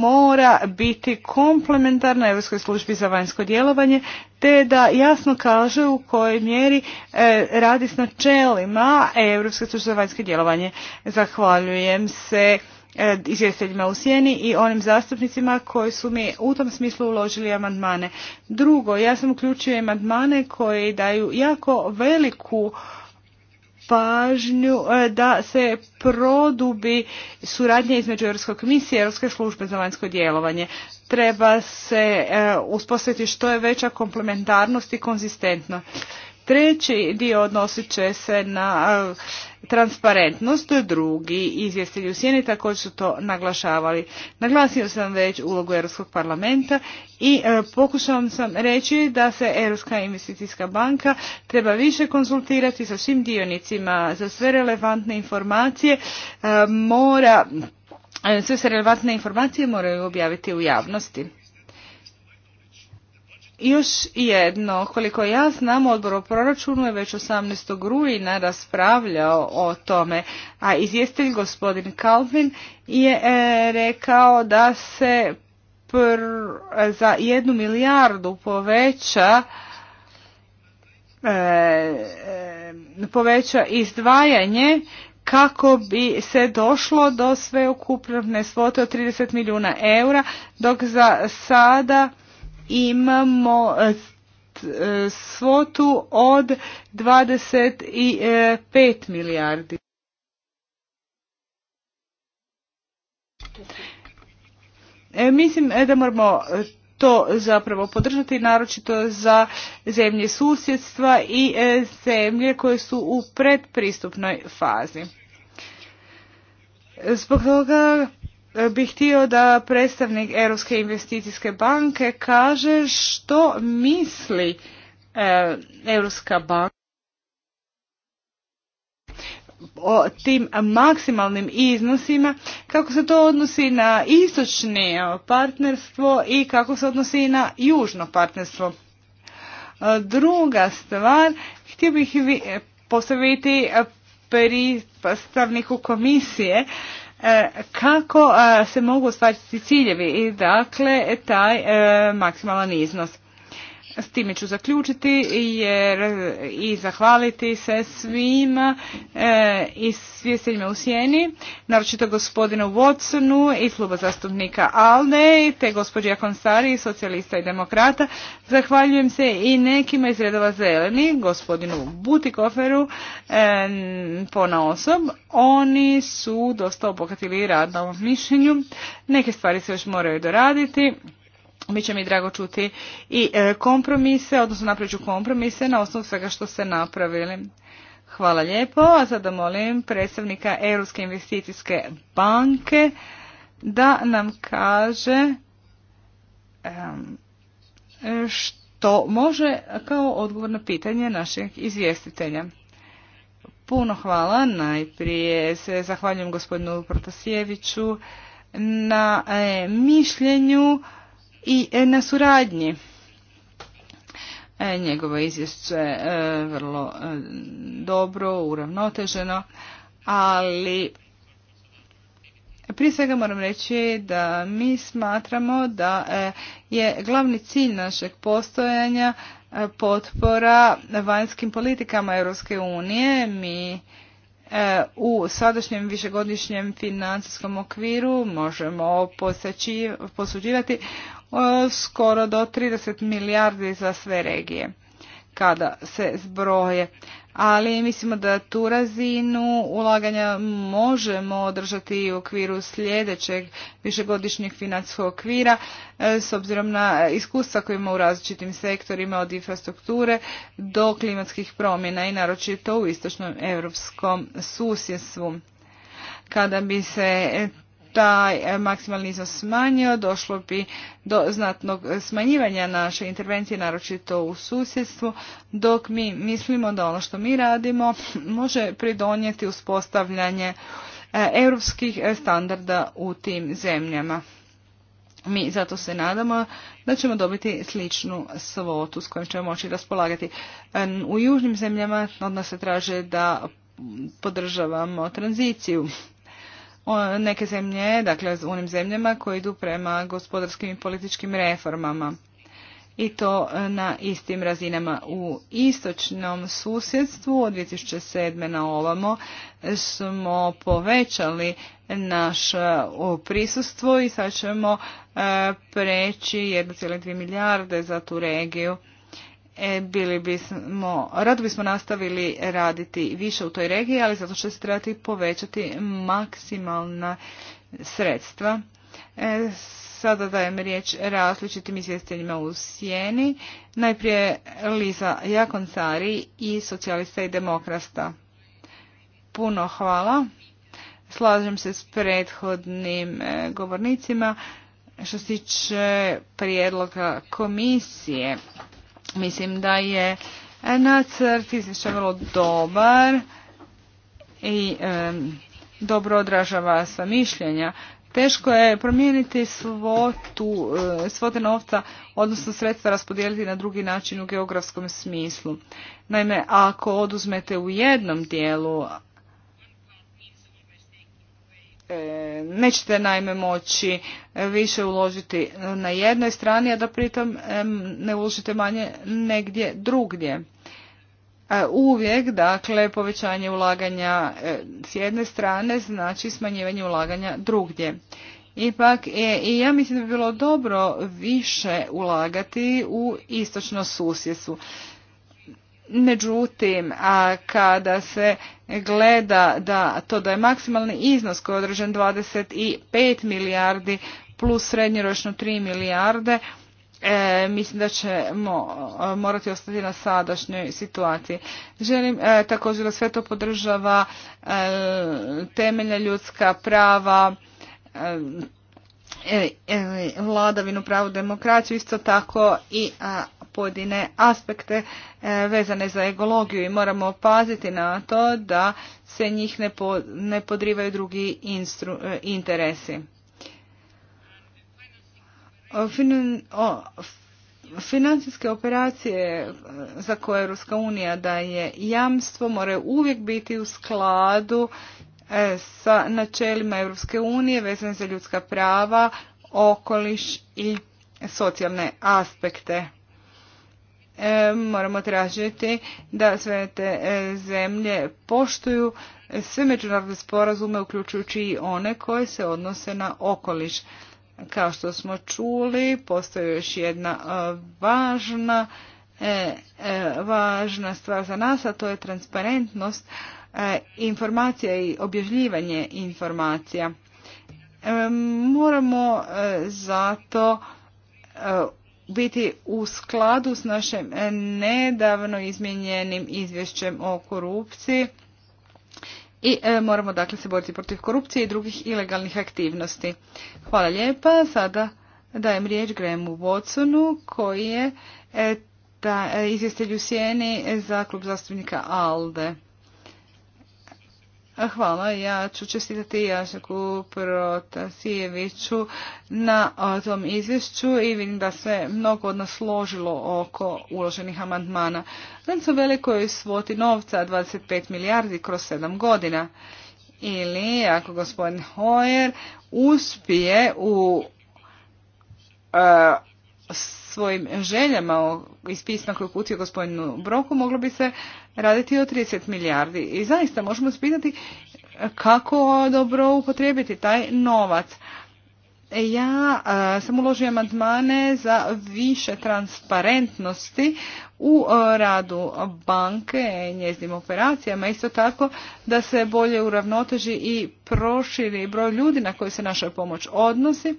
[SPEAKER 2] mora biti komplementarna Europskoj službi za vanjsko djelovanje te da jasno kaže u kojoj mjeri e, radi s načelima Europske službe za vanjske djelovanje. Zahvaljujem se e, izvjestiteljima u sjeni i onim zastupnicima koji su mi u tom smislu uložili amandmane. Drugo, ja sam uključio amandmane koji daju jako veliku pažnju e, da se produbi suradnja između Europske komisije i Europske službe za vanjsko djelovanje. Treba se e, uspostaviti što je veća komplementarnost i konzistentnost. Treći dio odnosit će se na e, transparentnost, drugi izvjestitelji u sjeni također su to naglašavali. Naglasio sam već ulogu Europskog parlamenta i e, pokušao sam reći da se Europska investicijska banka treba više konsultirati sa svim dionicima za sve relevantne informacije, e, mora e, sve se relevantne informacije moraju objaviti u javnosti. Još jedno, koliko ja znam, odbor o proračunu je već 18. rujna raspravljao o tome, a izvjestitelj gospodin Calvin je e, rekao da se za jednu milijardu poveća e, e, poveća izdvajanje kako bi se došlo do sveukupne svote od 30 milijuna eura, dok za sada imamo e, e, svotu od 25 milijardi. E, mislim da moramo to zapravo podržati, naročito za zemlje susjedstva i zemlje koje su u predpristupnoj fazi. Zbog toga E, bih htio da predstavnik Europske investicijske banke kaže što misli e, Europska banka o tim maksimalnim iznosima, kako se to odnosi na istočni e, partnerstvo i kako se odnosi na južno partnerstvo. Druga stvar, htio bih postaviti predstavniku komisije E, kako e, se mogu ostvariti ciljevi i dakle taj e, maksimalan iznos. S time ću zaključiti jer i zahvaliti se svima e, i svjesteljima u sjeni, naročito gospodinu Watsonu i kluba zastupnika ALDE, te gospođi Akonstari, socijalista i demokrata. Zahvaljujem se i nekima iz redova zeleni, gospodinu Butikoferu, e, pona osob. Oni su dosta obogatili rad na ovom mišljenju. Neke stvari se još moraju doraditi bit će mi drago čuti i e, kompromise, odnosno ću kompromise na osnovu svega što ste napravili. Hvala lijepo, a sada molim predstavnika Europske investicijske banke da nam kaže što može kao odgovor na pitanje našeg izvjestitelja. Puno hvala. Najprije se zahvaljujem gospodinu Protosijeviću na e, mišljenju i e, na suradnji. E, njegovo izvješće je vrlo e, dobro, uravnoteženo, ali prije svega moram reći da mi smatramo da je glavni cilj našeg postojanja potpora vanjskim politikama Europske unije. Mi u sadašnjem višegodišnjem financijskom okviru možemo posuđivati E, skoro do 30 milijardi za sve regije kada se zbroje. Ali mislimo da tu razinu ulaganja možemo održati u okviru sljedećeg višegodišnjeg financijskog okvira e, s obzirom na iskustva koje ima u različitim sektorima od infrastrukture do klimatskih promjena i naročito u istočnom europskom susjedstvu. Kada bi se taj eh, maksimalni iznos smanjio, došlo bi do znatnog smanjivanja naše intervencije, naročito u susjedstvu, dok mi mislimo da ono što mi radimo može pridonijeti uspostavljanje eh, europskih eh, standarda u tim zemljama. Mi zato se nadamo da ćemo dobiti sličnu svotu s kojom ćemo moći raspolagati. U južnim zemljama od nas se traže da podržavamo tranziciju neke zemlje, dakle u onim zemljama koje idu prema gospodarskim i političkim reformama. I to e, na istim razinama u istočnom susjedstvu od 2007. na ovamo e, smo povećali naš e, prisustvo i sad ćemo preći 1,2 milijarde za tu regiju. E, bili bismo, rado bismo nastavili raditi više u toj regiji, ali zato što se trebati povećati maksimalna sredstva. E, sada dajem riječ različitim izvjestiteljima u sjeni. Najprije Liza Jakoncari i socijalista i demokrasta. Puno hvala. Slažem se s prethodnim e, govornicima što se tiče prijedloga komisije Mislim da je nacrt izvješća vrlo dobar i dobro odražava sva mišljenja. Teško je promijeniti svotu, e, svote novca, odnosno sredstva raspodijeliti na drugi način u geografskom smislu. Naime, ako oduzmete u jednom dijelu, E, nećete naime moći više uložiti na jednoj strani, a da pritom ne uložite manje negdje drugdje. E, uvijek, dakle, povećanje ulaganja e, s jedne strane znači smanjivanje ulaganja drugdje. Ipak, i ja mislim da bi bilo dobro više ulagati u istočno susjesu. Međutim, kada se gleda da to da je maksimalni iznos koji je određen 25 milijardi plus srednjoročno 3 milijarde, e, mislim da ćemo e, morati ostati na sadašnjoj situaciji. Želim e, također da sve to podržava e, temelja ljudska prava, vladavinu pravu demokraciju, isto tako i a, pojedine aspekte e, vezane za ekologiju i moramo paziti na to da se njih ne, podrivaju drugi e, interesi. financijske operacije e, za koje Ruska unija daje jamstvo moraju uvijek biti u skladu sa načelima Europske unije vezane za ljudska prava, okoliš i socijalne aspekte. E, moramo tražiti da sve te e, zemlje poštuju sve međunarodne sporazume, uključujući i one koje se odnose na okoliš. Kao što smo čuli, postoji još jedna e, važna, važna stvar za nas, a to je transparentnost informacija i objavljivanje informacija. Moramo zato biti u skladu s našim nedavno izmijenjenim izvješćem o korupciji i e, moramo dakle se boriti protiv korupcije i drugih ilegalnih aktivnosti. Hvala lijepa. Sada dajem riječ gremu Watsonu koji je e, da, e, sjeni za klub zastupnika ALDE. Hvala, ja ću čestitati Jašaku Protasijeviću na tom izvješću i vidim da se mnogo od nas složilo oko uloženih amandmana. Znači u velikoj svoti novca, 25 milijardi kroz 7 godina. Ili ako gospodin Hoyer uspije u svojim željama iz pisma koje uputio gospodinu Broku moglo bi se raditi o 30 milijardi. I zaista možemo spitati kako dobro upotrijebiti taj novac. E, ja sam uložio amandmane za više transparentnosti u radu banke, njeznim operacijama, isto tako da se bolje uravnoteži i proširi broj ljudi na koji se naša pomoć odnosi,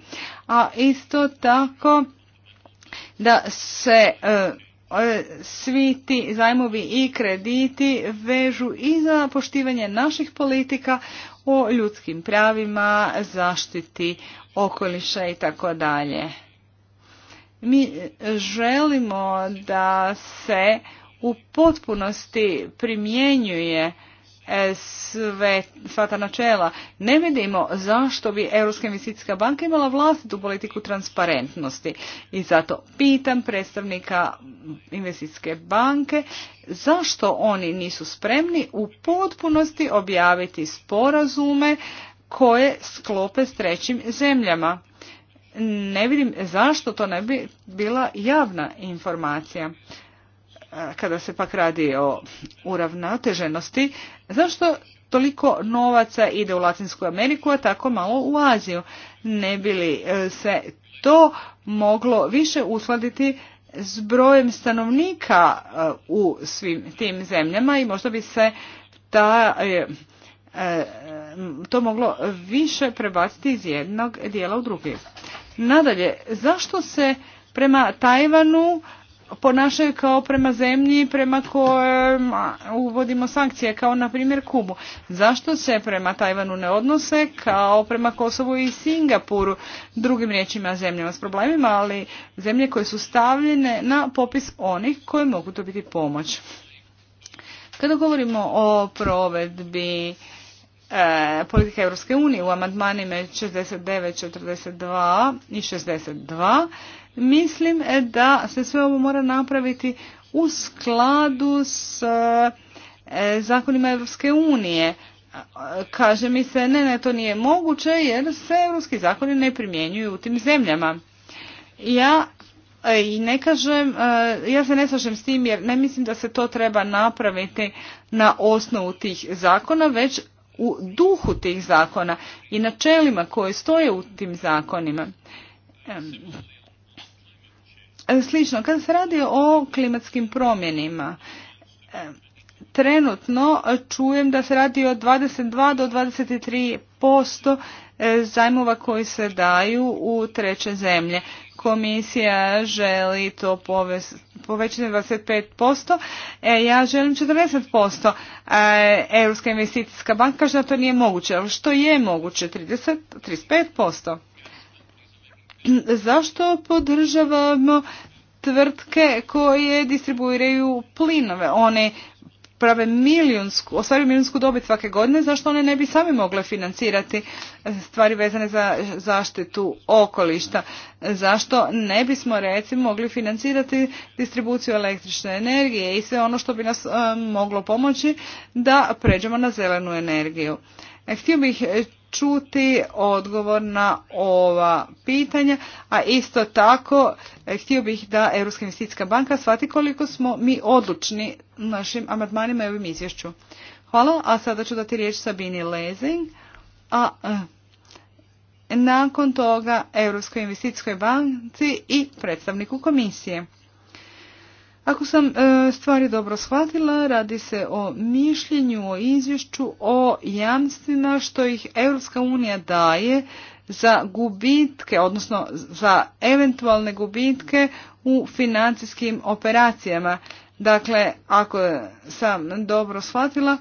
[SPEAKER 2] a isto tako da se E, svi ti zajmovi i krediti vežu i za poštivanje naših politika o ljudskim pravima, zaštiti okoliša i tako dalje. Mi želimo da se u potpunosti primjenjuje E, sve, sva ta načela. Ne vidimo zašto bi Europska investicijska banka imala vlastitu politiku transparentnosti. I zato pitam predstavnika investicijske banke zašto oni nisu spremni u potpunosti objaviti sporazume koje sklope s trećim zemljama. Ne vidim zašto to ne bi bila javna informacija kada se pak radi o uravnoteženosti, zašto toliko novaca ide u Latinsku Ameriku, a tako malo u Aziju? Ne bi li e, se to moglo više uskladiti s brojem stanovnika e, u svim tim zemljama i možda bi se ta, e, to moglo više prebaciti iz jednog dijela u drugi. Nadalje, zašto se prema Tajvanu ponašaju kao prema zemlji prema kojoj mm, uvodimo sankcije, kao na primjer Kubu. Zašto se prema Tajvanu ne odnose kao prema Kosovu i Singapuru, drugim riječima zemljama s problemima, ali zemlje koje su stavljene na popis onih koje mogu dobiti pomoć. Kada govorimo o provedbi e, politike politika Europske unije u amandmanima 69, 42 i 62 Mislim e, da se sve ovo mora napraviti u skladu s e, zakonima Europske unije. Kaže mi se, ne, ne, to nije moguće jer se europski zakoni ne primjenjuju u tim zemljama. Ja e, i ne kažem, ja se ne slažem s tim jer ne mislim da se to treba napraviti na osnovu tih zakona, već u duhu tih zakona i načelima koje stoje u tim zakonima. E, slično, kad se radi o klimatskim promjenima, e, trenutno čujem da se radi od 22 do 23 posto e, zajmova koji se daju u treće zemlje. Komisija želi to povećati 25%, posto. ja želim 40%. posto. Europska investicijska banka kaže da to nije moguće, ali što je moguće? 30, posto zašto podržavamo tvrtke koje distribuiraju plinove? One prave milijunsku, ostvaruju milijunsku dobit svake godine, zašto one ne bi sami mogle financirati stvari vezane za zaštitu okolišta? Zašto ne bismo recimo mogli financirati distribuciju električne energije i sve ono što bi nas e, moglo pomoći da pređemo na zelenu energiju? E, htio bih čuti odgovor na ova pitanja, a isto tako e, htio bih da Europska investicijska banka shvati koliko smo mi odlučni našim amandmanima i ovim izvješću. Hvala, a sada ću dati riječ Sabini Lezing, a e, nakon toga Europskoj investicijskoj banci i predstavniku komisije. Ako sam e, stvari dobro shvatila, radi se o mišljenju, o izvješću, o jamstvima što ih Europska unija daje za gubitke, odnosno za eventualne gubitke u financijskim operacijama. Dakle, ako sam dobro shvatila,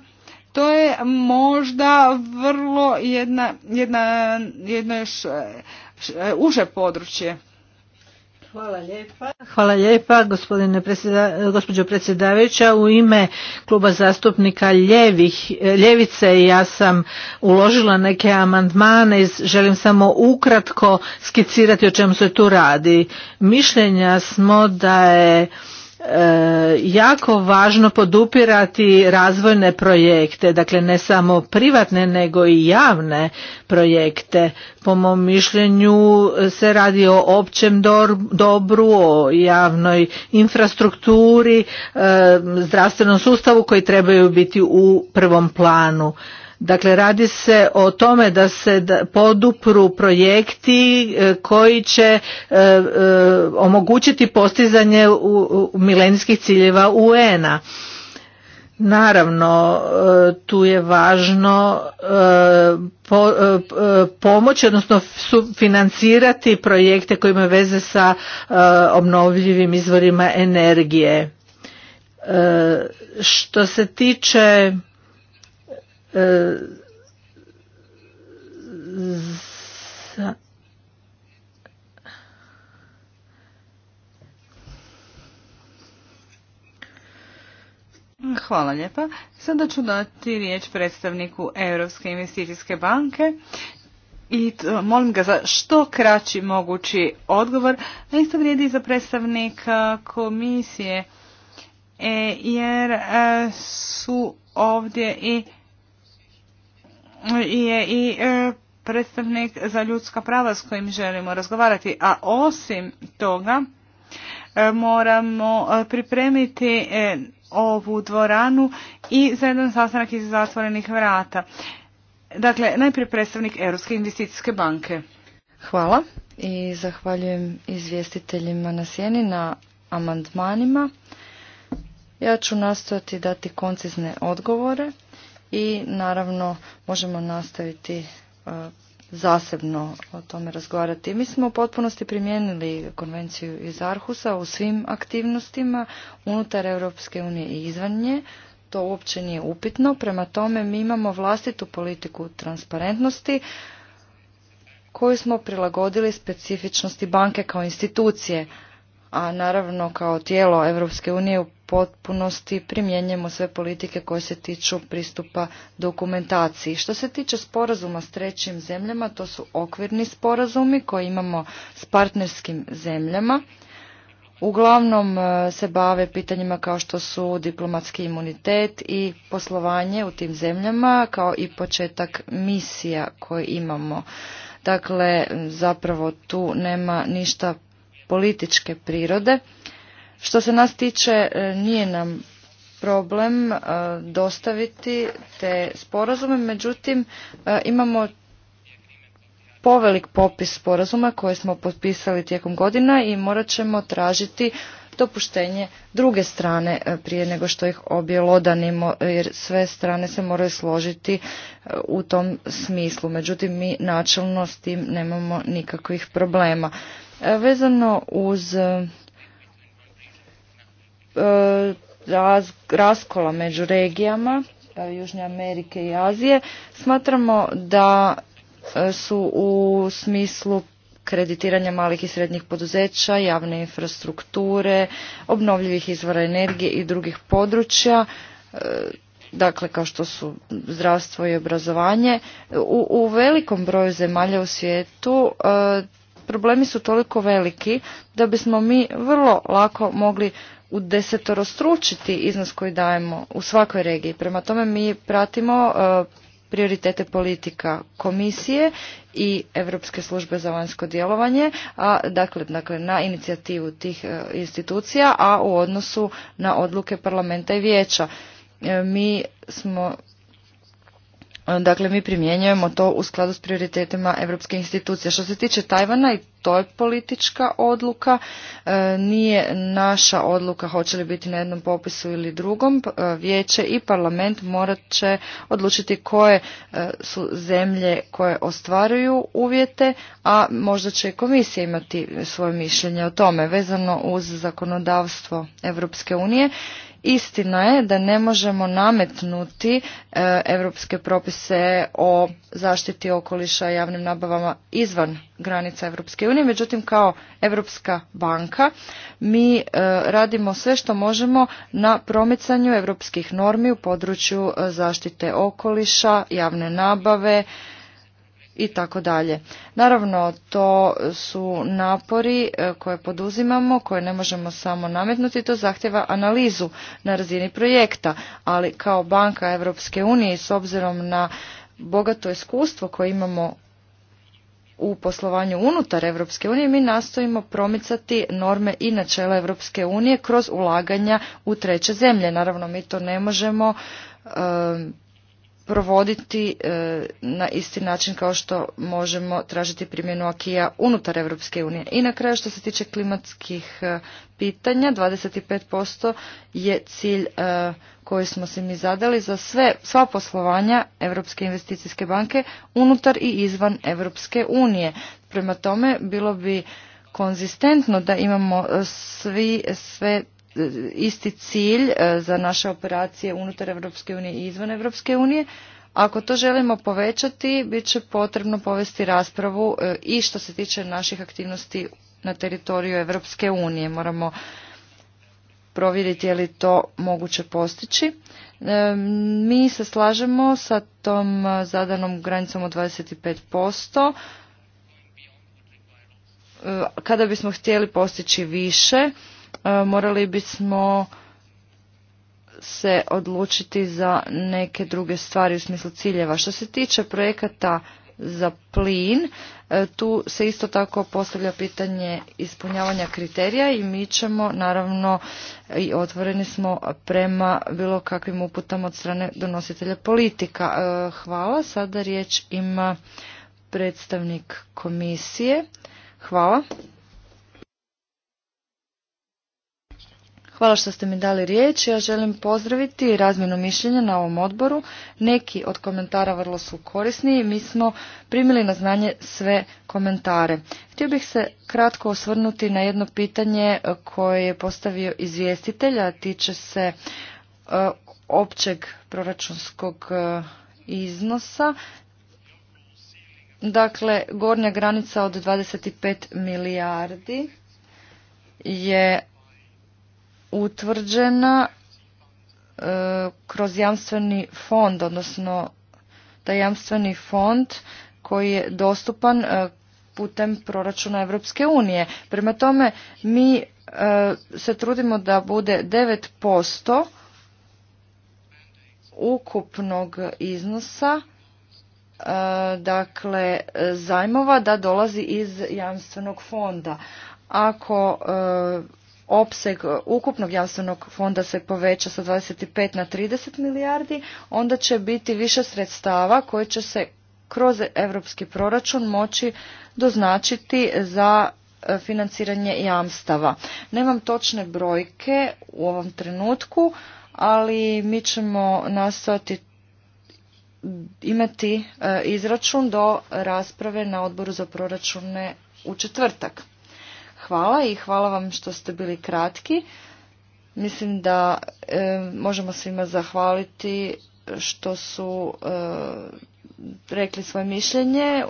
[SPEAKER 2] to je možda vrlo jedna, jedna, jedno još e, e, uže područje.
[SPEAKER 1] Hvala lijepa. Hvala gospodine gospođo predsjedavajuća. U ime kluba zastupnika Ljevice ja sam uložila neke amandmane i želim samo ukratko skicirati o čemu se tu radi. Mišljenja smo da je jako važno podupirati razvojne projekte, dakle ne samo privatne nego i javne projekte. Po mom mišljenju se radi o općem dobru, o javnoj infrastrukturi, e, zdravstvenom sustavu koji trebaju biti u prvom planu. Dakle, radi se o tome da se podupru projekti e, koji će e, e, omogućiti postizanje milenijskih ciljeva UN-a. Naravno, tu je važno pomoći, odnosno financirati projekte koji imaju veze sa obnovljivim izvorima energije. Što se tiče E,
[SPEAKER 2] Hvala lijepa. Sada ću dati riječ predstavniku Europske investicijske banke i molim ga za što kraći mogući odgovor, a isto vrijedi za predstavnika komisije, e, jer e, su ovdje i je i e, predstavnik za ljudska prava s kojim želimo razgovarati. A osim toga e, moramo e, pripremiti ovu dvoranu i za jedan sastanak iz zatvorenih vrata. Dakle, najprije predstavnik Europske investicijske banke. Hvala i
[SPEAKER 4] zahvaljujem izvjestiteljima na sjeni na amandmanima. Ja ću nastojati dati koncizne odgovore i naravno možemo nastaviti e, zasebno o tome razgovarati. Mi smo u potpunosti primijenili konvenciju iz Arhusa u svim aktivnostima unutar Europske unije i izvan nje. To uopće nije upitno. Prema tome mi imamo vlastitu politiku transparentnosti koju smo prilagodili specifičnosti banke kao institucije a naravno kao tijelo Europske unije u potpunosti primjenjujemo sve politike koje se tiču pristupa dokumentaciji. Što se tiče sporazuma s trećim zemljama, to su okvirni sporazumi koje imamo s partnerskim zemljama. Uglavnom e, se bave pitanjima kao što su diplomatski imunitet i poslovanje u tim zemljama, kao i početak misija koje imamo. Dakle, zapravo tu nema ništa političke prirode. Što se nas tiče, e, nije nam problem e, dostaviti te sporazume, međutim e, imamo povelik popis sporazuma koje smo potpisali tijekom godina i morat ćemo tražiti dopuštenje druge strane prije nego što ih objelodanimo jer sve strane se moraju složiti u tom smislu. Međutim, mi načelno s tim nemamo nikakvih problema. E, vezano uz e, raskola među regijama e, Južne Amerike i Azije, smatramo da su u smislu kreditiranja malih i srednjih poduzeća, javne infrastrukture, obnovljivih izvora energije i drugih područja, dakle kao što su zdravstvo i obrazovanje, u velikom broju zemalja u svijetu problemi su toliko veliki da bismo mi vrlo lako mogli u desetorostručiti iznos koji dajemo u svakoj regiji. Prema tome mi pratimo e, prioritete politika komisije i Europske službe za vanjsko djelovanje, a dakle, dakle na inicijativu tih e, institucija, a u odnosu na odluke parlamenta i vijeća. E, mi smo Dakle, mi primjenjujemo to u skladu s prioritetima Europske institucije. Što se tiče Tajvana, i to je politička odluka, e, nije naša odluka hoće li biti na jednom popisu ili drugom. E, vijeće i parlament morat će odlučiti koje e, su zemlje koje ostvaruju uvjete, a možda će i komisija imati svoje mišljenje o tome vezano uz zakonodavstvo Europske unije. Istina je da ne možemo nametnuti europske propise o zaštiti okoliša i javnim nabavama izvan granica Europske unije, međutim kao Europska banka mi e, radimo sve što možemo na promicanju europskih normi u području e, zaštite okoliša, javne nabave, i tako dalje. Naravno, to su napori e, koje poduzimamo, koje ne možemo samo nametnuti, to zahtjeva analizu na razini projekta, ali kao banka Europske unije s obzirom na bogato iskustvo koje imamo u poslovanju unutar Europske unije mi nastojimo promicati norme i načela Europske unije kroz ulaganja u treće zemlje. Naravno mi to ne možemo e, provoditi e, na isti način kao što možemo tražiti primjenu akija unutar Europske unije. I na kraju što se tiče klimatskih e, pitanja, 25% je cilj e, koji smo se mi zadali za sve, sva poslovanja Europske investicijske banke unutar i izvan Europske unije. Prema tome bilo bi konzistentno da imamo svi sve isti cilj e, za naše operacije unutar Europske unije i izvan Europske unije. Ako to želimo povećati, bit će potrebno povesti raspravu e, i što se tiče naših aktivnosti na teritoriju Europske unije. Moramo provjeriti je li to moguće postići. E, mi se slažemo sa tom zadanom granicom od 25%. Kada bismo htjeli postići više, E, morali bismo se odlučiti za neke druge stvari u smislu ciljeva. Što se tiče projekata za plin, e, tu se isto tako postavlja pitanje ispunjavanja kriterija i mi ćemo naravno i otvoreni smo prema bilo kakvim uputama od strane donositelja politika. E, hvala. Sada riječ ima predstavnik komisije. Hvala. Hvala što ste mi dali riječ. Ja želim pozdraviti razmjenu mišljenja na ovom odboru. Neki od komentara vrlo su korisni i mi smo primili na znanje sve komentare. Htio bih se kratko osvrnuti na jedno pitanje e, koje je postavio izvjestitelj, a tiče se e, općeg proračunskog e, iznosa. Dakle, gornja granica od 25 milijardi je utvrđena e, kroz jamstveni fond, odnosno taj jamstveni fond koji je dostupan e, putem proračuna Europske unije. Prema tome mi e, se trudimo da bude 9% ukupnog iznosa dakle zajmova da dolazi iz jamstvenog fonda. Ako opseg ukupnog jamstvenog fonda se poveća sa 25 na 30 milijardi, onda će biti više sredstava koje će se kroz europski proračun moći doznačiti za e, financiranje jamstava. Nemam točne brojke u ovom trenutku, ali mi ćemo nastojati imati e, izračun do rasprave na odboru za proračune u četvrtak hvala i hvala vam što ste bili kratki. Mislim da e, možemo svima zahvaliti što su e, rekli svoje mišljenje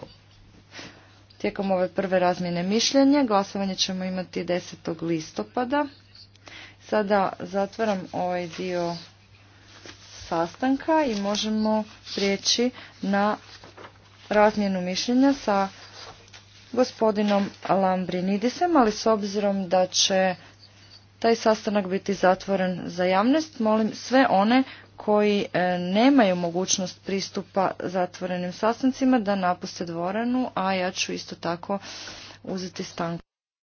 [SPEAKER 4] tijekom ove prve razmjene mišljenja. Glasovanje ćemo imati 10. listopada. Sada zatvaram ovaj dio sastanka i možemo prijeći na razmjenu mišljenja sa gospodinom Lambrinidisem, ali s obzirom da će taj sastanak biti zatvoren za javnost, molim sve one koji e, nemaju mogućnost pristupa zatvorenim sastancima da napuste dvoranu, a ja ću isto tako uzeti stanku.